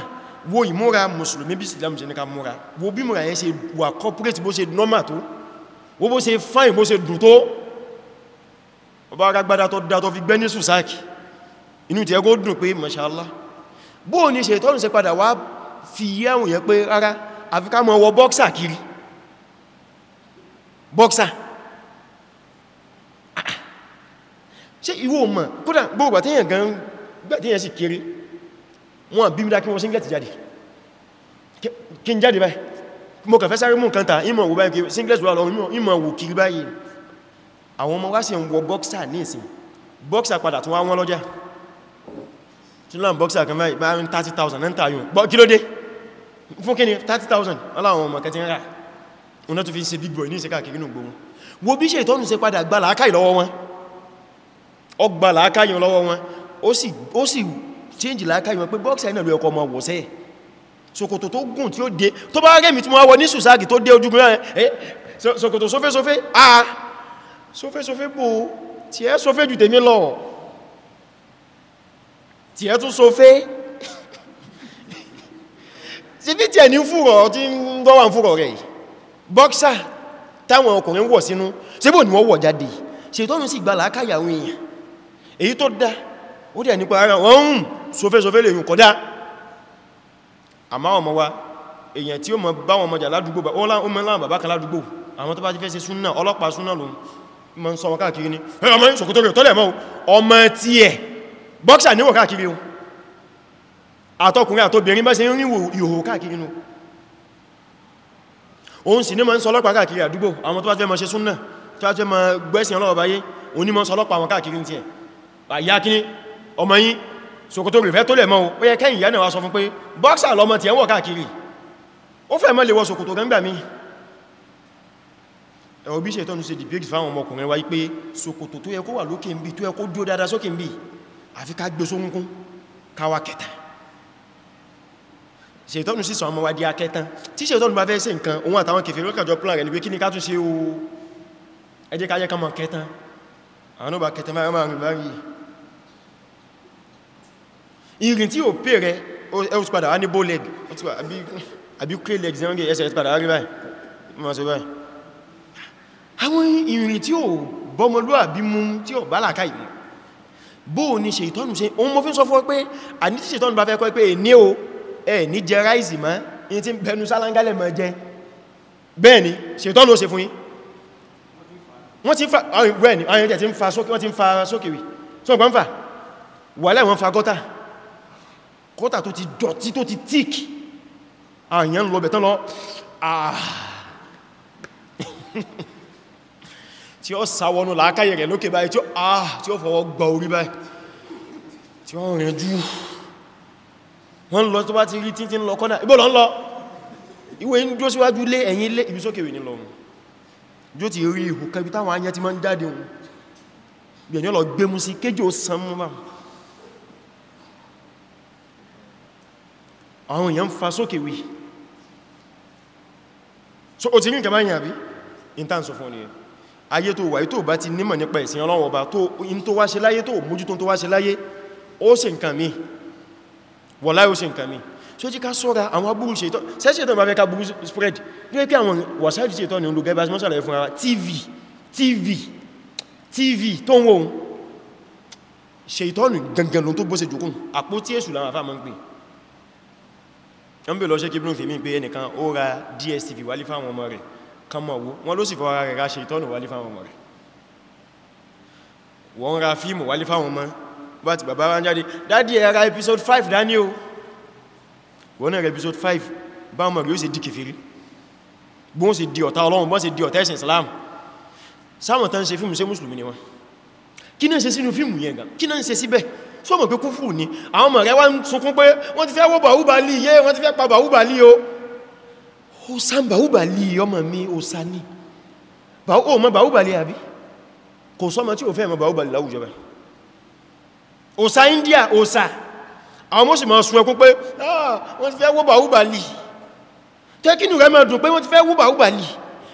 wo ìmúra mùsùlùmí bí Islam ṣe ní ká múra wo bí múra yẹn ṣe wà corporate bó ṣe nọ́mà tó wo bó ṣe fine bó ṣe dùn tó ọba arágbádá tó dá tó fi gbẹ́ ní sùsáàkì inú ti ẹgbó dùn pé mashallah bó ní ṣe tọ́nù ṣe padà wá fi yẹ́wùn yẹ pé rárá afirka mọ́ wọ bọ́ksà kiri bọ́ksà ah, ah. ṣe ìwò mọ̀ kódà gbogbo àtíyàn gan gbàtíyàn sì kiri wọ́n bí mídá kí wọ́n singlet jáde kí n jáde báyìí mo kàfẹ́ sáré mú nǹkan ta ìmọ̀ wò báyìí singlet wà lọ ìmọ̀ wò kiri báyìí àwọn ọmọ wá sí ń bọ́ksà ní ìsìn bọ́ksà padà tún wá wọ́n lọ́jà tinubu boxer kan báyìí báyìí 30,000 náà tààyùn bọ́ kí ló dé fún kí ni 30,000 aláwọn ọmọ kẹtí ń rà ọ̀nà tó fi ṣe big boy ní ìṣẹ́kà kìrínú gbogbo wo bí ṣe ìtọ́nù ṣe padà gbà làákàì lọ́wọ́ wọn ó gbà làákàì lọ́wọ́ wọn ó sì change làákàì wọn pé boxer náà ló ẹkọ ọmọ wọ̀sẹ́ ṣòkòtò tó gùn tí ó dé tó bá rẹ̀mí tí wọ́n wọ ní sùsáàgì tó dé ojú mìíràn ẹ̀ ṣòkòtò sófẹ́sófẹ́ ah sófẹ́sófẹ́ bò tí ẹ tí ẹ tún so fẹ́ sí bí tí ẹ ní fúrọ̀ tí ń bọ́ wà ń fúrọ̀ rẹ̀ bọ́ksà táwọn ọkùnrin wọ̀ sínú ṣe bò ní wọ́n wọ̀ jáde ṣètọ́nù sì gbà láàkáyàwó èèyàn èyí tó dá ó dẹ̀ nípa ara wọ́n ń sofẹ́sofẹ́ lè yùn kọ̀dá bọ́ksà níwò káàkiri ohun àtọkùnrin àtobìnrin bá ṣe ń ríwò ìhò káàkiri inú òun sì ní ma ń sọlọ́pàá káàkiri àdúgbò àwọn tó bá fẹ́ ma ṣe súnnà tó bá fẹ́ ma gbẹ́sìn ọlọ́wọ́ báyé òun ní ma ń sọlọ́pàá àwọn káàkiri ti ẹ̀ àyá kíní ọmọ yín ṣòkòtò rẹ̀ tó lẹ̀ mọ́ ó yẹ kẹ́yìn ìyá náà wá sọ fún pé bọ́ksà lọmọ ti ẹ̀ ń wọ̀ káàkiri ó fẹ́ mọ́ lè wọ ṣòkòtò kan gbà mí ẹ̀wọ̀ bí ṣe tọ́nu ṣe dìbíyèsí fáwọn ọmọkùnrin wáyé pé ṣòkòtò tó yẹ kó wà lókè ń bí tó yẹ kó dúó dáadáa sókè ń bí àfi ká gbé sóhunkún káwà kẹta ṣètọ́nù sí sọ àmọ́wà di akẹtàn tí ṣètọ́nù bá fẹ́ ṣe nǹkan òun àtàwọn kèfèrè lókàjọ plan rẹ̀ ní pé kí ní ká tún ṣe o ẹjẹ́ ká jẹ́ ká mọ̀ kẹtàn àwọn ọba kẹtàn máa rán báyìí ìrìn tí ò pè rẹ ó ti padà wá ní bow leg àbí clay leg zẹ́rẹ́gẹ̀ ẹsẹ̀ ti padà wá rí báyìí bó ní ṣe ìtọ́nù ṣe oun mo fi ń sọ fún pé a ní tí ṣe ìtọ́nù bá fẹ́ kọ́ pé ní o ẹ ní jẹ ráìsì mọ́ in ti bẹnu sálangálẹ̀ mọ́ jẹ bẹ́ẹ̀ ni ṣe ìtọ́nù ó ṣe fún yín wọ́n ti ń fa ọ̀rẹ́ ni ọ̀rẹ́ ti ń fa sókè wọ́n ti ń fa sókè wì tó gbọ́n fà wà lẹ́wọ́n tí ó sáwọnú làákàyè rẹ̀ lókè báyìí tí ó ah tí ó fọwọ́ gba orí báyìí tí ó rìn jú wọ́n lọ tó bá ti rí títí ń lọ kọ́nà ibò lọ ń lọ ìwé ń dúró síwájú lé ẹ̀yìn lé ibi sókèwé ní lọ jó ti rí ihò kẹbi táwọn ayẹ́ ti máa ń jáde wọn bí ẹ̀yọ́ lọ gbé o ti rí nǹkan báyìí àbí in tán sọ ayé tó wà tó bá ti nímọ̀ nípa ìsìn Ọlọ́run Ọba tó in tó wá ṣe láyé tó mójútó tó wá ṣe láyé ó ṣe nǹkan mi wọ̀láyé ó ṣe nǹkan mi so jí ká sọ́ra àwọn abúrú ṣe ìtọ́n sẹ́ṣẹ́ tó bá fẹ́ ká burú spread ní pé àwọn wàsáàdì ṣe ìtọ́n ni olùgẹ́ bá mọ́sàlẹ̀ fún ara tv tv tv tó ń wọ́n ṣe ìtọ́nù gangan ló tó bó ṣe jùkún àpó tí èṣù láwọn afáàmọ́ ń pè ẹn bè lọ ṣe kí bí ẹnìkan ó ra dstv wálé fáwọn ọmọ rẹ̀ kan mọ̀ wo wọ́n ló sì fọ́ ara rẹ̀ ra ṣètọ́nù wálé fáwọn ọmọ rẹ̀ wọ́n ra fíìmù wálé fáwọn ọmọ bá ti bàbá ránjáde dádì ẹ ra episode 5 daniel wọ́n náà ra episode 5 bá ọmọ rẹ̀ ó sì di kèfèrí bó ń sì di ọ̀tá ọlọ́run bó sì di ọ̀tá ẹ̀sìn islam sáwọn tán ṣe fíìmù ṣe mùsùlùmí ni wọ́n kí náà ṣe sínú fíìmù yẹn gan kí náà ṣe síbẹ̀ sọ́mọ̀ pé kúfù ni àwọn ọmọ rẹ̀ wá ń sunkún pé wọ́n ti fẹ́ wọ́ bàúbà lì yé wọ́n ti fẹ́ pa bàúbà lì o ó sán bàúbàlì ọmọ mi ó sá ní ó mọ́ bàúbàlì àbí kò sọ́mọ tí ó fẹ́ mọ́ bàúbàlì láwùjọ bá ó sá India ó sá àwọn mọ́ sí mọ́ sun ẹkún pé ah, wọ́n ti fẹ́ wó bàúbàlì tẹ́kínù rẹ̀ mọ́ dùn pé wọ́n ti fẹ́ wó bàúbàlì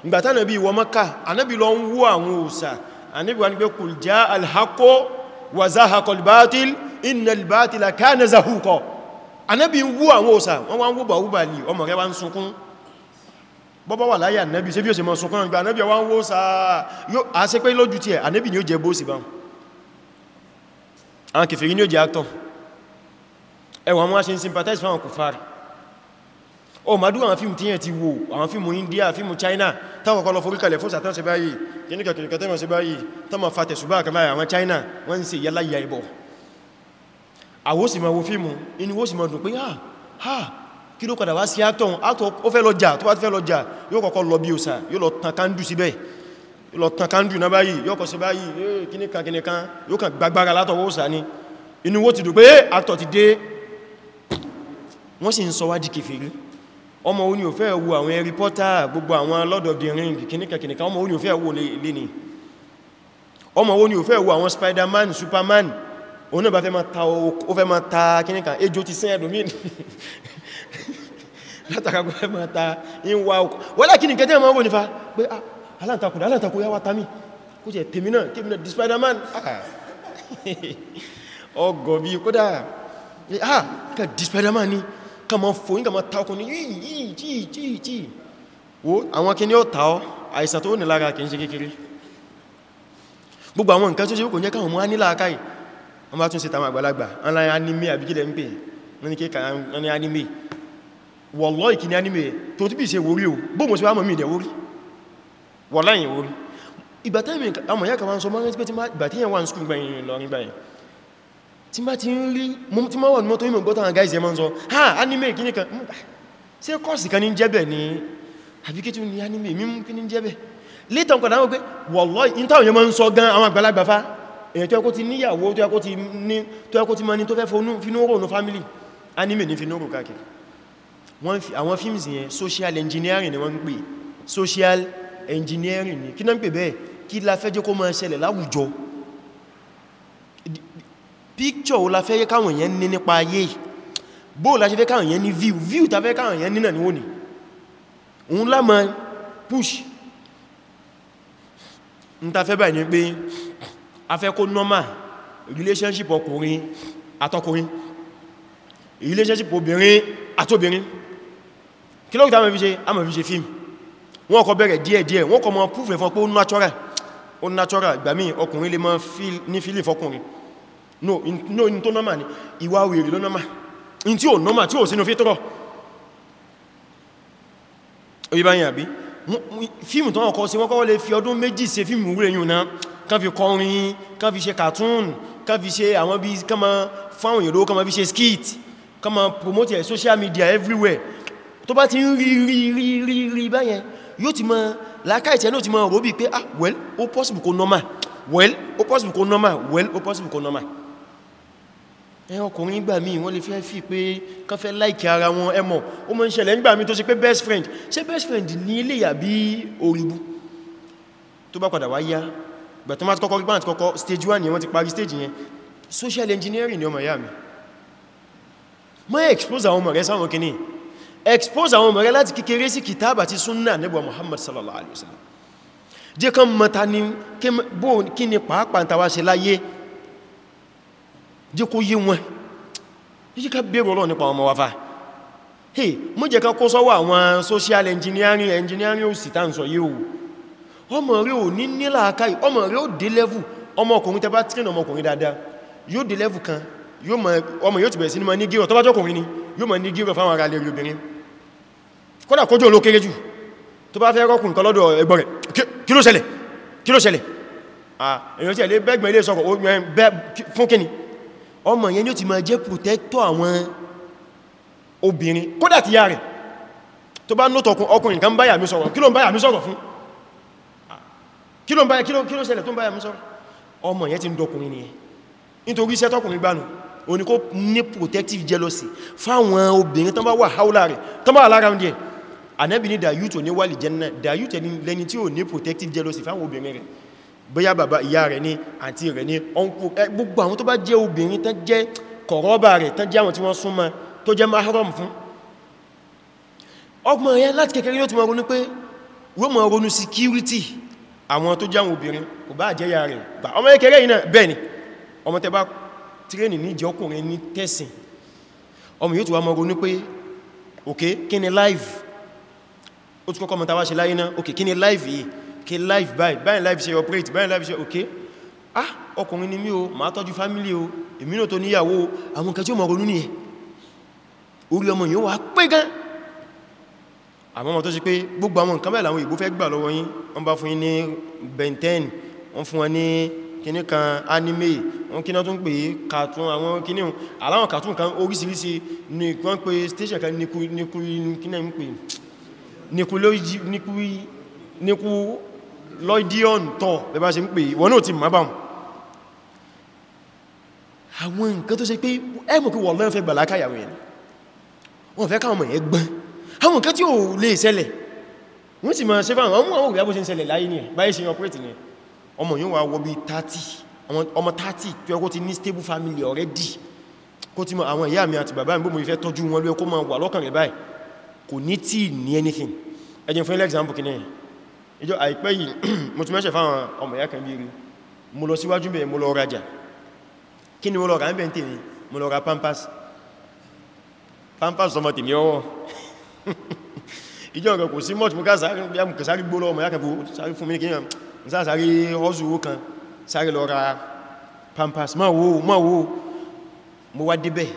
ìgbàtà nàbí ìwọ Mákà anábì lọ ń wó àwọn òsà anábì wọn ni pé kul jaa al-haqqu bọ́bọ́ wà láyé ànábì ṣe bí ó ṣe mọ́ sunkún ìgbà ànábì wá ń wó sáà yóò a ṣe pé lójú tí ẹ̀ ànábì ni ó jẹ bóòsì bá àwọn kèfèrí ni ó jẹ actor ẹwà wọ́n ṣe ń sympathize fáwọn madu àwọn fíìmù ti wo àwọn fíìmù India fíìmù China táwọn kọlọ forí kalẹ̀ fún sàtán ṣe báyìí kìníkà kìníkà tẹ́mọ̀ ṣe báyìí tọ́mọ̀ fàtẹ̀ ṣùgbà kàmà àwọn China wọ́n ń ṣe yálà ìyà ìbọ̀ àwọ́sì ma wo fíìmù inú wọ́sì ma dùn pé ha ah, ah, ha kí ló padà wá sí àtọ̀hún àtọ̀ ó fẹ́ lọ jà tó bá fẹ́ lọ jà yóò kọ́kọ́ lọ bí òsà yóò lọ tàn kándù síbẹ̀ yóò lọ tàn kándù náà báyìí yóò kọ́ sí báyìí eh, kíníkan kíníkan yóò kàn gbagbára látọwọ́ òsà ni inú wó ti dùn pé eh, ti dé wọ́n sì ń sọ wá di kèfèrí ọmọ oní ò fẹ́ Lord of the Ring kíníkan kíníkan ọmọ oní ò fẹ́ wo lé ní ọmọ oní ò fẹ́ Superman òun náà bá fẹ́ máa ta kíníkan ejò ti sẹ́ẹ̀dùn mí (laughs) látàkàgbọ́ ẹ máa ta ìwà ọkọ̀ wọ́lá kí ní kẹtẹ́ ẹmọ ọgbọ̀n nífà pé ah, aláǹtakùn aláǹtakùn yáwá tami kó jẹ tèmi náà kémi náà di Spiderman ah, (laughs) ọgọ̀ bí kódà ah, ká di Spiderman ní ká ma fòyín ká ma ta ọkùn ní yìí wo àwọn kí ní ó ta ọ àìsàn tó ní lára kì í ṣe kékeré gbogbo àwọn nǹkan tó ṣe kò jẹ́ káwọn anime àbíkílẹ̀ ń pè wọ́n ni kí anime wallahi ìkìní anime tó tí bí ṣe wórí o bóòmù sí wámọ̀ mí ìdẹ̀ wórí wallahi wórí ìgbàtẹ́mì àmọ̀ yá kàwọn sọ mọ́rin tí ìgbàtíyàn wà ní skùn gbẹ̀yìn lọ́rin báyìí tí bá ti ń rí tí ma wà ní mọ́tò ìmọ̀ gbọ́tàwọn gáìsì ẹmọ́ sọ ha anime ìkíní kan ah, ṣe kọ́ọ̀sì kan ní jẹ́bẹ̀ ní àbíkítù ní anime mímú kí ní jẹ́bẹ̀ létà ń padà wọ́n pé wallahi in táwọn yọmọ́ ń sọ gan àwọn àgbàlagbà fa èyàn tó ẹkó ti níyàwó tó ẹkó ti ma ní tó fẹ́ finú rò ní family anime ní finú rò káàkiri àwọn films yẹn social engineering ni wọ́n ń pè social engineering ni kí náà ń pè bẹ́ẹ̀ kí la fẹ́ jẹ́ kó máa ṣẹlẹ̀ láwùjọ picture o la fẹ́ yẹ káwọn yẹn ní nípa ayé bó la ṣe fẹ́ káwọn yẹn ní view view ta fẹ́ káwọn yẹn nínà níwò ní òun lámà push n ta fẹ́ báyìí ni pé a fẹ́ kó normal relationship ọkùnrin àtọkùnrin relationship obìnrin àtobìnrin kí ló tàbí fi ṣe àmà fi ṣe fíìmù wọ́n kọ bẹ̀rẹ̀ díẹ̀díẹ̀ wọ́n kọ mọ̀ púfẹ̀ fún pé ó natural ó natural gbàmí ọkùnrin lè mọ́ ní fílì fọkùnrin no in tó normal ni ìwà wèrè ló normal in tí ò normal tí ò sínú fítọ́rọ̀ orí báyìí àbí fíìmù tó wọ́n kọ sí wọ́n kọ́ lè fi ọdún méjì ṣe fíìmù wúrẹ̀ yìí náà kan fi kọrin kan fi ṣe cartoon kan fi ṣe àwọn bí kan ma fáwọn èlò kan ma fi ṣe skit kan ma social media everywhere tó bá ti ń rí rí rí rí rí báyẹn yóò ti mọ́ lákàìtì ẹni ò ti mọ́ ròbí pé ah well ó possible kó normal well ó possible kó normal well ó possible kó normal ẹ̀yàn ọkùnrin gbà míì wọ́n lè fẹ́ fi pé kán fẹ́ láìkì ara wọn ẹmọ̀ ó mọ́ ń ṣẹlẹ̀ nígbà míì tó ṣe pé best friend ṣe best friend ní ilé yàbí oríbu tó bá padà wá yá gbàtọ́ máa kọ́kọ́ gbáǹtì kọ́kọ́ stage one. yẹn wọ́n ti parí stage yẹn social engineering ni ọmọ ìyá mi mọ́ expose àwọn ọmọ rẹ̀ sáwọn kìnnìyàn expose àwọn ọmọ rẹ láti kékeré sí kìtàbà àti súnnà níbọ̀ Muhammad sallallahu alaihi wasallam jẹ́ kan mọ́ta ní kí ni pàápàá tàwà ṣe láyé jẹ́ kó yé wọn yíká ká bẹ̀rù Ọlọ́run nípa ọmọ wáfà hey mú jẹ́ ká kó social engineering engineering ó sì tán o ọmọ rẹ ò ní nílà akáyì ọmọ rẹ ó dé level ọmọkùnrin tẹbá tíkìn ọmọkùnrin dáadáa yóò dé level kan ọmọ yóò ti bẹ̀rẹ̀ sí ní ma ní gírọ̀ tọ́bájọ́kùnrin ni yóò mọ̀ ní gírọ̀ fáwọn ara lè rí obìnrin kódà kójò ló kéré jù tó bá fẹ́ rọ́kùn kan lọ́dọ̀ ẹgbọ́ rẹ̀ kí ló ṣẹlẹ̀ kí ló ṣẹlẹ̀ èyàn tí ẹ̀lẹ́ bẹ́gbẹ̀ ilé sọ́kọ̀ fún kíni ọmọ yẹn ni ó ti máa jẹ́ protector àwọn obìnrin kódà ti yá rẹ̀ tó bá nótọ̀ ọkùnrin kan báyà mi sọ̀rọ̀ kí ló ń báyà mi sọ̀rọ̀ fún kí ló ń báyà kí ló ṣẹlẹ̀ tó ń báyà mi sọ̀rọ̀ ọmọ yẹn ti ń dọkùnrin nìyẹn nítorí iṣẹ́ tọkùnrin gbánu ó ní kó ní protective jealousy fáwọn obìnrin tán bá wà haúlá rẹ̀ tán bá alára rẹ̀ Ànábì ní dayut ò ní wà lè jẹ́nà dayut lẹni tí ò ní protective jealousy fáwọn obìnrin rẹ̀ bóyá bàbá ìyá rẹ̀ ní àti rẹ̀ ní gbogbo àwọn tó bá jẹ́ obìnrin tán jẹ́ kọ̀rọ́bà rẹ̀ tán jẹ́ àwọn tí wọ́n súnmọ́ tó jẹ́ mahram fún security àwọn tó jẹ́ àwọn obìnrin kò bá jẹ́ ya rẹ̀ ọmọ tírénì ní ìjẹ́ ọkùnrin ní tẹ́sìn ọmọ yóò tí wá mọ́rún ní pé ok kí ni live ó tí kọ́kọ́ mọ́ tàwà ṣe láyé náà ok kí ni live yìí kí live báyìí báyìí live ṣe operate báyìí live ṣe ok ah ọkùnrin ni mí o ma tọ́jú family o èmi náà tó níyàwó àwọn kẹjọ mọ́rún ní orí ọmọ yóò wá pé gan àmọ́ mọ́ tó ṣe pé gbogbo àwọn nǹkan bẹ́ẹ̀ làwọn ìgbó fẹ́ gbà lọ́wọ́ yín wọ́n bá fún yín ní benten wọ́n fún wọn ní kíní kan anime wọn kíná tún pè cartoon àwọn kíní hùn aláwọn cartoon kan oríṣiríṣi ní wọ́n pè station kan nikuloidion tọ́ bẹba ṣe ń pè wọ́n náà ti mọ́ bá àwọn nǹkan tó ṣe pé ẹmù kí wọ́n lọ́n fẹ́ gbàlákà ìyàwó yẹn wọ́n fẹ́ káwọn mọ̀ ẹgbẹ́ àwọn nǹkan tí ó lè ṣẹlẹ̀ wọ́n sì máa ṣe fáwọn ọmọ òwúrẹ́ bó ṣe ń ṣẹlẹ̀ láyé ní ẹ̀ báyé ṣe operate ní ẹ̀ ọmọ yóò wá wọ́ bí 30 ọmọ 30 tó ẹkọ́ ti ní stable family already kó ti mọ̀ àwọn ìyá mi àti bàbá mi bó mo fẹ́ tọ́jú wọn lóyẹ kó máa wà lọ́kàn rẹ̀ báyìí kò ní tí ní anything ẹ jẹ́ fún ilé example kìíní ìjọ àìpẹ́ yìí (clears throat) mo ti mẹ́ṣẹ̀ fáwọn ọmọ ìyá kan bí rí mo lọ síwájú bẹ̀ mo lọ rajà kí ni mo lọ rà ń bẹ̀ ń tèmi mo lọ ra pampers pampers ọmọ tèmi ọwọ́ (laughs) ìjọ rẹ̀ kò sí much mo ká sáré gbólọ́ ọmọ ìyá kan fún mi kí sáré ọ́zùwó kan sáré lọ ra pampas ma wo ma mo wá débẹ̀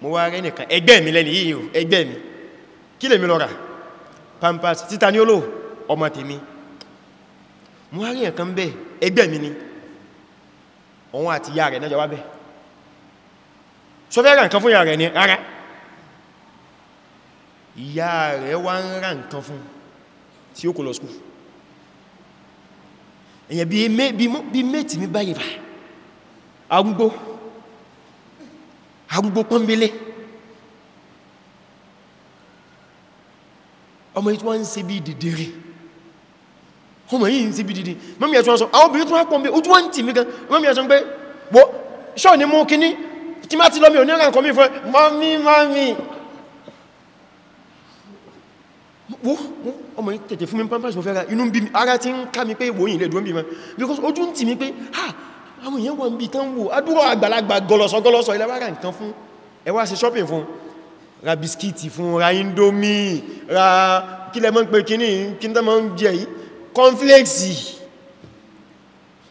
mo wá rẹ́ nìkan ẹgbẹ́ mi lẹ́ni yìí o ẹgbẹ́ mi kí lè mi lọ ra pampas títa ní olò ọmọ tèmi mo wá rí ẹ̀kan bẹ́ ẹgbẹ́ mi ni òun àti ìyá rẹ̀ náà jọwá bẹ́ sọ ra nǹkan fún ìyá rẹ̀ ni rárá ìyá rẹ̀ wá ń ra nǹkan fún tí ó kò lọ skúl èyàn bí méjì mi báyìí bá arúgbó arúgbó pọ́nbélé ọmọ yìí tí wọ́n ń ṣe bí dìdìrì ọmọ yìí ń ṣe bí dìdìrì mọ́mí ẹ̀tún ọ̀sán àwọn obìnrin tí wọ́n pọ́nbé ojú wọ́n tì mí gan mọ́mí ẹ̀tún pé wọ́n ṣọ́ ni mú kíní tí má ti lọ mi ò ní ọ̀rẹ́ nǹkan mi fún ọmọ yìí fún mi pampers mo fẹ́ inú bí ara ti ń ká mi pé wòyìn ilẹ̀ dùn bí mọ́ because ojú ń tì mí pé ha àwọn èèyàn wọ́n bí tán wò adúrò àgbàlagbà gọlọsọ gọlọsọ ilẹ̀ wára nǹkan fún ẹ wá ṣe shopping fún ra bisikiti fún ra indomie ra kílẹ̀ mọ́ pé kíní kí n tán mọ́ ń jẹ yìí cornflakes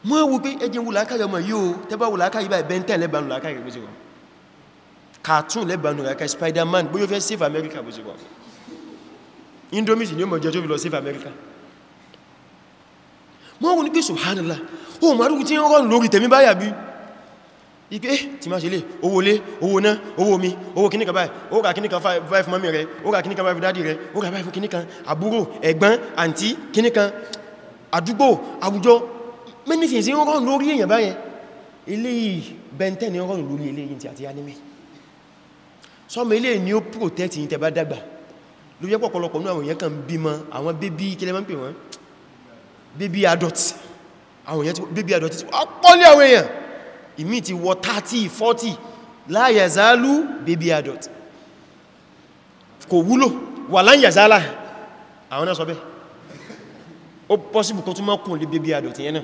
mọ́ wù pé ẹjẹ́ wù láàkàyọ̀ mọ̀ yóò tẹ́bà wù láàkàyọ̀ bá ẹ̀bẹ̀ ń tẹ̀lẹ̀ bá cartoon lẹ́bàá nù láàkàyọ̀ Spider-Man bóyá fẹ́ save America bó ṣe indomis ni o mọ̀ jẹ́ tó fi lọ sí America mọ́ wọn ni pé subhanallah o marú tí ń rọrùn lórí tẹ̀mí báyà bí ipé eh, tí máa ṣe lè owó lé owó náà owó mi owó kìníkà báyìí ó ra kìníkà 5 mọ́mí rẹ̀ ó ra kìníkà 5 dádì rẹ̀ ó ra 5 kìníkà àbúrò ẹ̀gbọ́n àǹtí kìníkà àdúgbò àwùjọ many things ń rọrùn lórí èèyàn báyẹn eléyìí bẹ́ntẹ́ ni rọrùn anime sọmọ eléyìí ni ó protect yìí tẹ ló jẹ́ pọ̀pọ̀lọpọ̀ ní àwọn èèyàn kan bímọ àwọn bébí kílẹ̀ máa ń pè wọ́n bébí adult àwọn èèyàn ti bébí adult ti ọpọ́lẹ̀ àwọn èèyàn ìmí ti wọ 30 40 la yazalu bébí adult kò wúlò wà lan yazala àwọn náà sọ bẹ́ ó possible kó tún mọ́ kùn lé bébí adult yẹn náà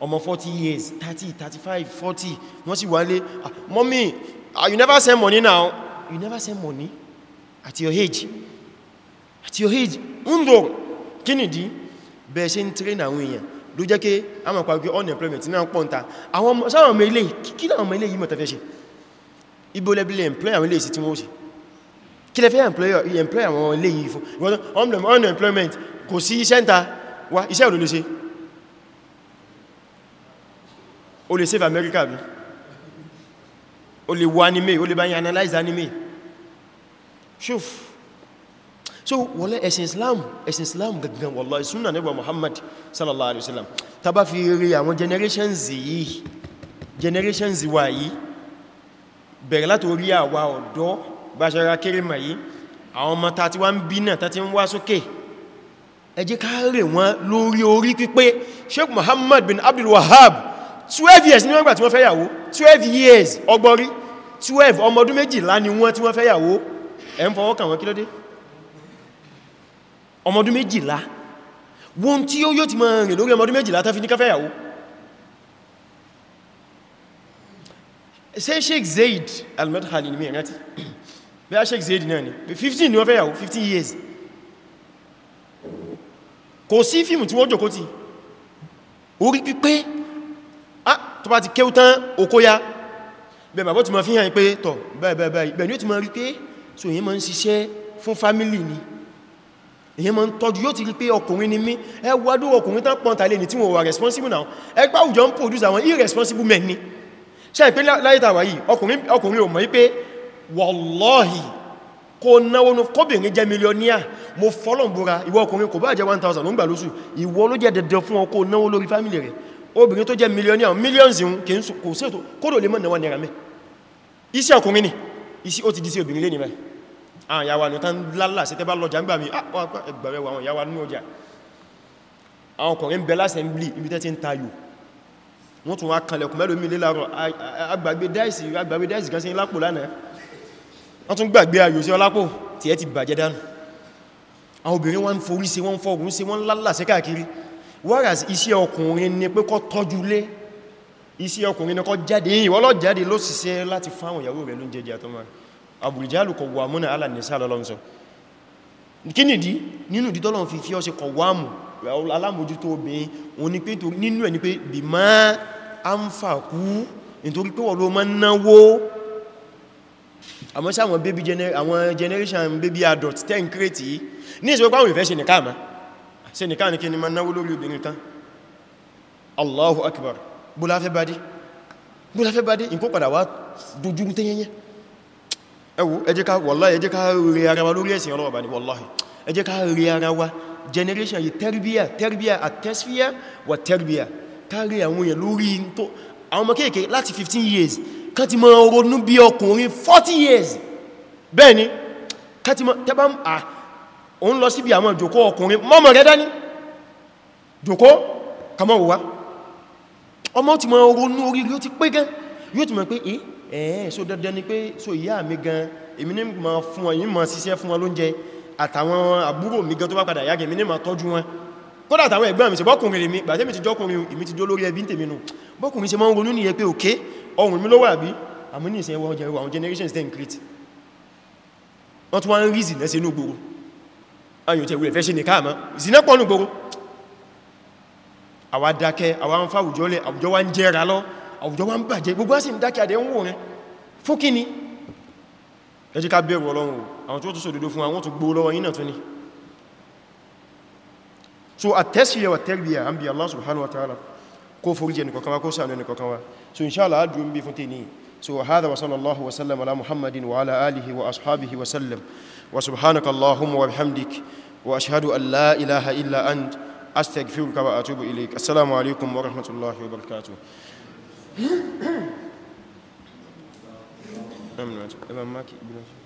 ọmọ 40 years 30 35 40 wọ́n sì wà lé ah, mommy ah, you never send money now you never send money at your age tí ó hajj ń dò kí nìdí bẹ̀ẹ̀ ṣe ń train àwọn èèyàn ló jẹ́ kí a mọ̀ pàgbé unemployment náà pọ̀ ń ta àwọn sáwọn ọmọ ilé kí láwọn ọmọ employer àwọn ilé ìsì tí employer àwọn ilé yìí fún unemployment kò sí iṣẹ́ ń ta wá iṣẹ́ òlò lè ṣe o lè save America bí o lè wo anime o lè bá yín analyze anime ṣùfù so wọlé ẹ̀sìn islam ẹ̀sìn islam gangan wallahi sunna nígbà muhammad sallallahu alaihi wasallam ta bá fi rí àwọn generations yìí generations wà yìí bẹ̀rẹ̀ láti orí àwa ọ̀dọ́ bá ṣẹ́ra kéré mà yìí àwọn ọmọ ta ti wá ń bí náà ta ti ń wá sókè ẹ ká rè wọ́n lórí orí pípé sheikh muhammad bin abdul wahab 12 years ní wọ́n gbà tí wọ́n fẹ́ yàwó 12 years ọgbọ́rí 12 ọmọ ọdún méjìlá ni wọ́n tí wọ́n fẹ́ yàwó ẹ̀ ń fọwọ́ kàn wọ́n ọmọdún méjìlá wọ́n tí ó yóò ti máa rìn lórí ọmọdún méjìlá tán fi ní káfẹ́ ìyàwó ṣe Sheikh Zaid al-Madkhali ní mẹ́rin rántí (clears throat) bí a Sheikh Zaid náà ni 15 ni wọ́n fẹ́ ìyàwó 15 years kò sí fíìmù tí wọ́n jòkó ti orí pípé ah tó bá ti kéw tán okóyá bẹ̀rẹ̀ bàbọ́ ti máa fi hàn pé tọ̀ bẹ́ẹ̀ bẹ́ẹ̀ bẹ́ẹ̀ ni ó ti máa rí pé so yẹn máa ń ṣiṣẹ́ fún fámílì ni èyàn ma ń tọ́jú yóò ti rí pé ọkùnrin ni mí ẹ wádó ọkùnrin tán pọ̀ntà lè ní tí wọ́n wà responsible now ẹgbà òjò ń produce àwọn irresponsible men ni ṣe ìpé láyétàwà yìí ọkùnrin ò mọ̀ wípé wallahi kò náwó ní kóbìnrin jẹ́ millionaire mo fọ́lọ̀ búra ìwọ ọkùnrin kò bá jẹ́ 1000 ló ń gbà lóṣù ìwọ ló jẹ́ dẹ̀dẹ̀ fún ọ kó náwó lórí fámìlì rẹ̀ obìnrin tó jẹ́ millionaire millions ìhun kì í kò sí ètò kódò lè mọ́ náwó nìra mẹ́ iṣẹ́ ọkùnrin ni iṣẹ́ ó ti di sí obìnrin lé ní àwọn ìyàwó ní tán lálà sí tẹ́bá lọ́jà ń gbà mí ah, ẹgbẹ̀rẹ̀ àwọn ìyàwó ní ọjà àwọn ọkùnrin bẹ lásẹ̀mblì ibi tẹ́ ti ń tayò wọ́n tún wá kanlẹ̀kùn mẹ́lò mí lélàrọ̀ agbàgbé dáìsì kan sí lápò lánàá wọ́n tún gbàgbé ti bàjẹ́ dánù àwọn obìnrin wọ́n ń forí sí wọ́n fọ́gùn sí wọ́n lálà sí káàkiri whereas iṣẹ́ ọkùnrin ni pé kó tọ́jú lé iṣẹ́ ọkùnrin ni kó jáde yìí wọ́n lọ jáde ló ṣiṣẹ́ láti fáwọn ìyàwó rẹ̀ ló ń jẹjẹ àtọ́mọ́ rẹ̀ abùrìjálù kọ̀wàmúnà ala nisa lọ́lọ́nsọ kínìdí nínú ìdítọ́lọ́n fi fi ọ́ ṣe kọ̀wàmù alámójútó obìnrin òun ni pé nínú ẹ̀ ni pé bí má a ń fàkú nítorí pé wọ́n ló má náwó àmọ́ sáwọn baby generation baby adult ten kírètì ní ìṣẹ́ pàwọn ìfẹ́ ṣe nìkáàmá ṣe ni má náwó lórí obìnrin Allahu akbar bó láfẹ́ bá dé bó láfẹ́ padà wá dojú tẹ́yẹnyẹ́ ẹwọ ẹjẹ́ká wọ́lá ẹjẹ́ká rí ara wa lórí ẹ̀sìn ọlọ́ọ̀bá ni wọ́láhì ẹjẹ́ká rí ara wa generation yìí tẹ́rbíà tẹ́rbíà àtẹ́sfíà wà tẹ́rbíà kárí àwọn èèyàn lórí tó àwọn mọ́kéèké láti 15 years kan ti mọ́ ronú bí ọkùnrin 40 years bẹ́ẹ̀ni kan ti mọ́ tẹ́bá à òun lọ síbi àwọn ìjòkó ọkùnrin mọ́mọ̀ rẹ̀ dání jòkó kamọ́ wà ọmọ ti mọ́ ronú orí rí ó ti pé gẹ́ yóò ti mọ̀ pé eh ẹ̀ẹ́ so dandan ni pé so ìyá mi gan èmi ní ma fún wọn yí ma ṣiṣẹ́ fún wọn lóúnjẹ àtàwọn àbúrò mi gan tó bá padà yá gẹ̀mí ní ma tọ́jú wọn kódà àtàwọn ẹ̀gbọ́n mi ṣe bọ́kùnrin mi gbàtẹ́ mi ti jọ́kùnrin mi ti jó lórí ẹbí tèmi nù bọ́kùnrin ṣe ma ń ronú ní ẹpẹ́ òkè ọrùn mi lówà bí àmú ní ìsẹ̀wọ̀ ọjọ́ àwọn generations then create wọ́n tún wá ń rí zìnà sí inú gbogbo ayò tẹ̀wẹ̀ fẹ́ ṣe ní káàmá zìnà pọ̀ nù gbogbo àwùjọ wa ń bàjẹ́ gbogbo sí ń dákẹ́ àdẹ́ ń wò rẹ̀ fún kí ni ẹ jẹ́ ká bẹ̀rù ọlọ́run àwọn tó tó sòdòdó fún àwọn tó gbó lọ́wọ́ yínà tó ní so at-tasfiya wa at-tarbiya an bi Allah subhanahu so inshallah á dùn bí fún so hadha wa sallallahu wa sallam ala muhammadin wa ala alihi wa ashabihi wa sallam wa subhanaka allahumma wa bihamdik wa ashhadu an la ilaha illa ant astaghfiruka wa rahmatullahi wa barakatuh I'm not. If I'm Maki, you know.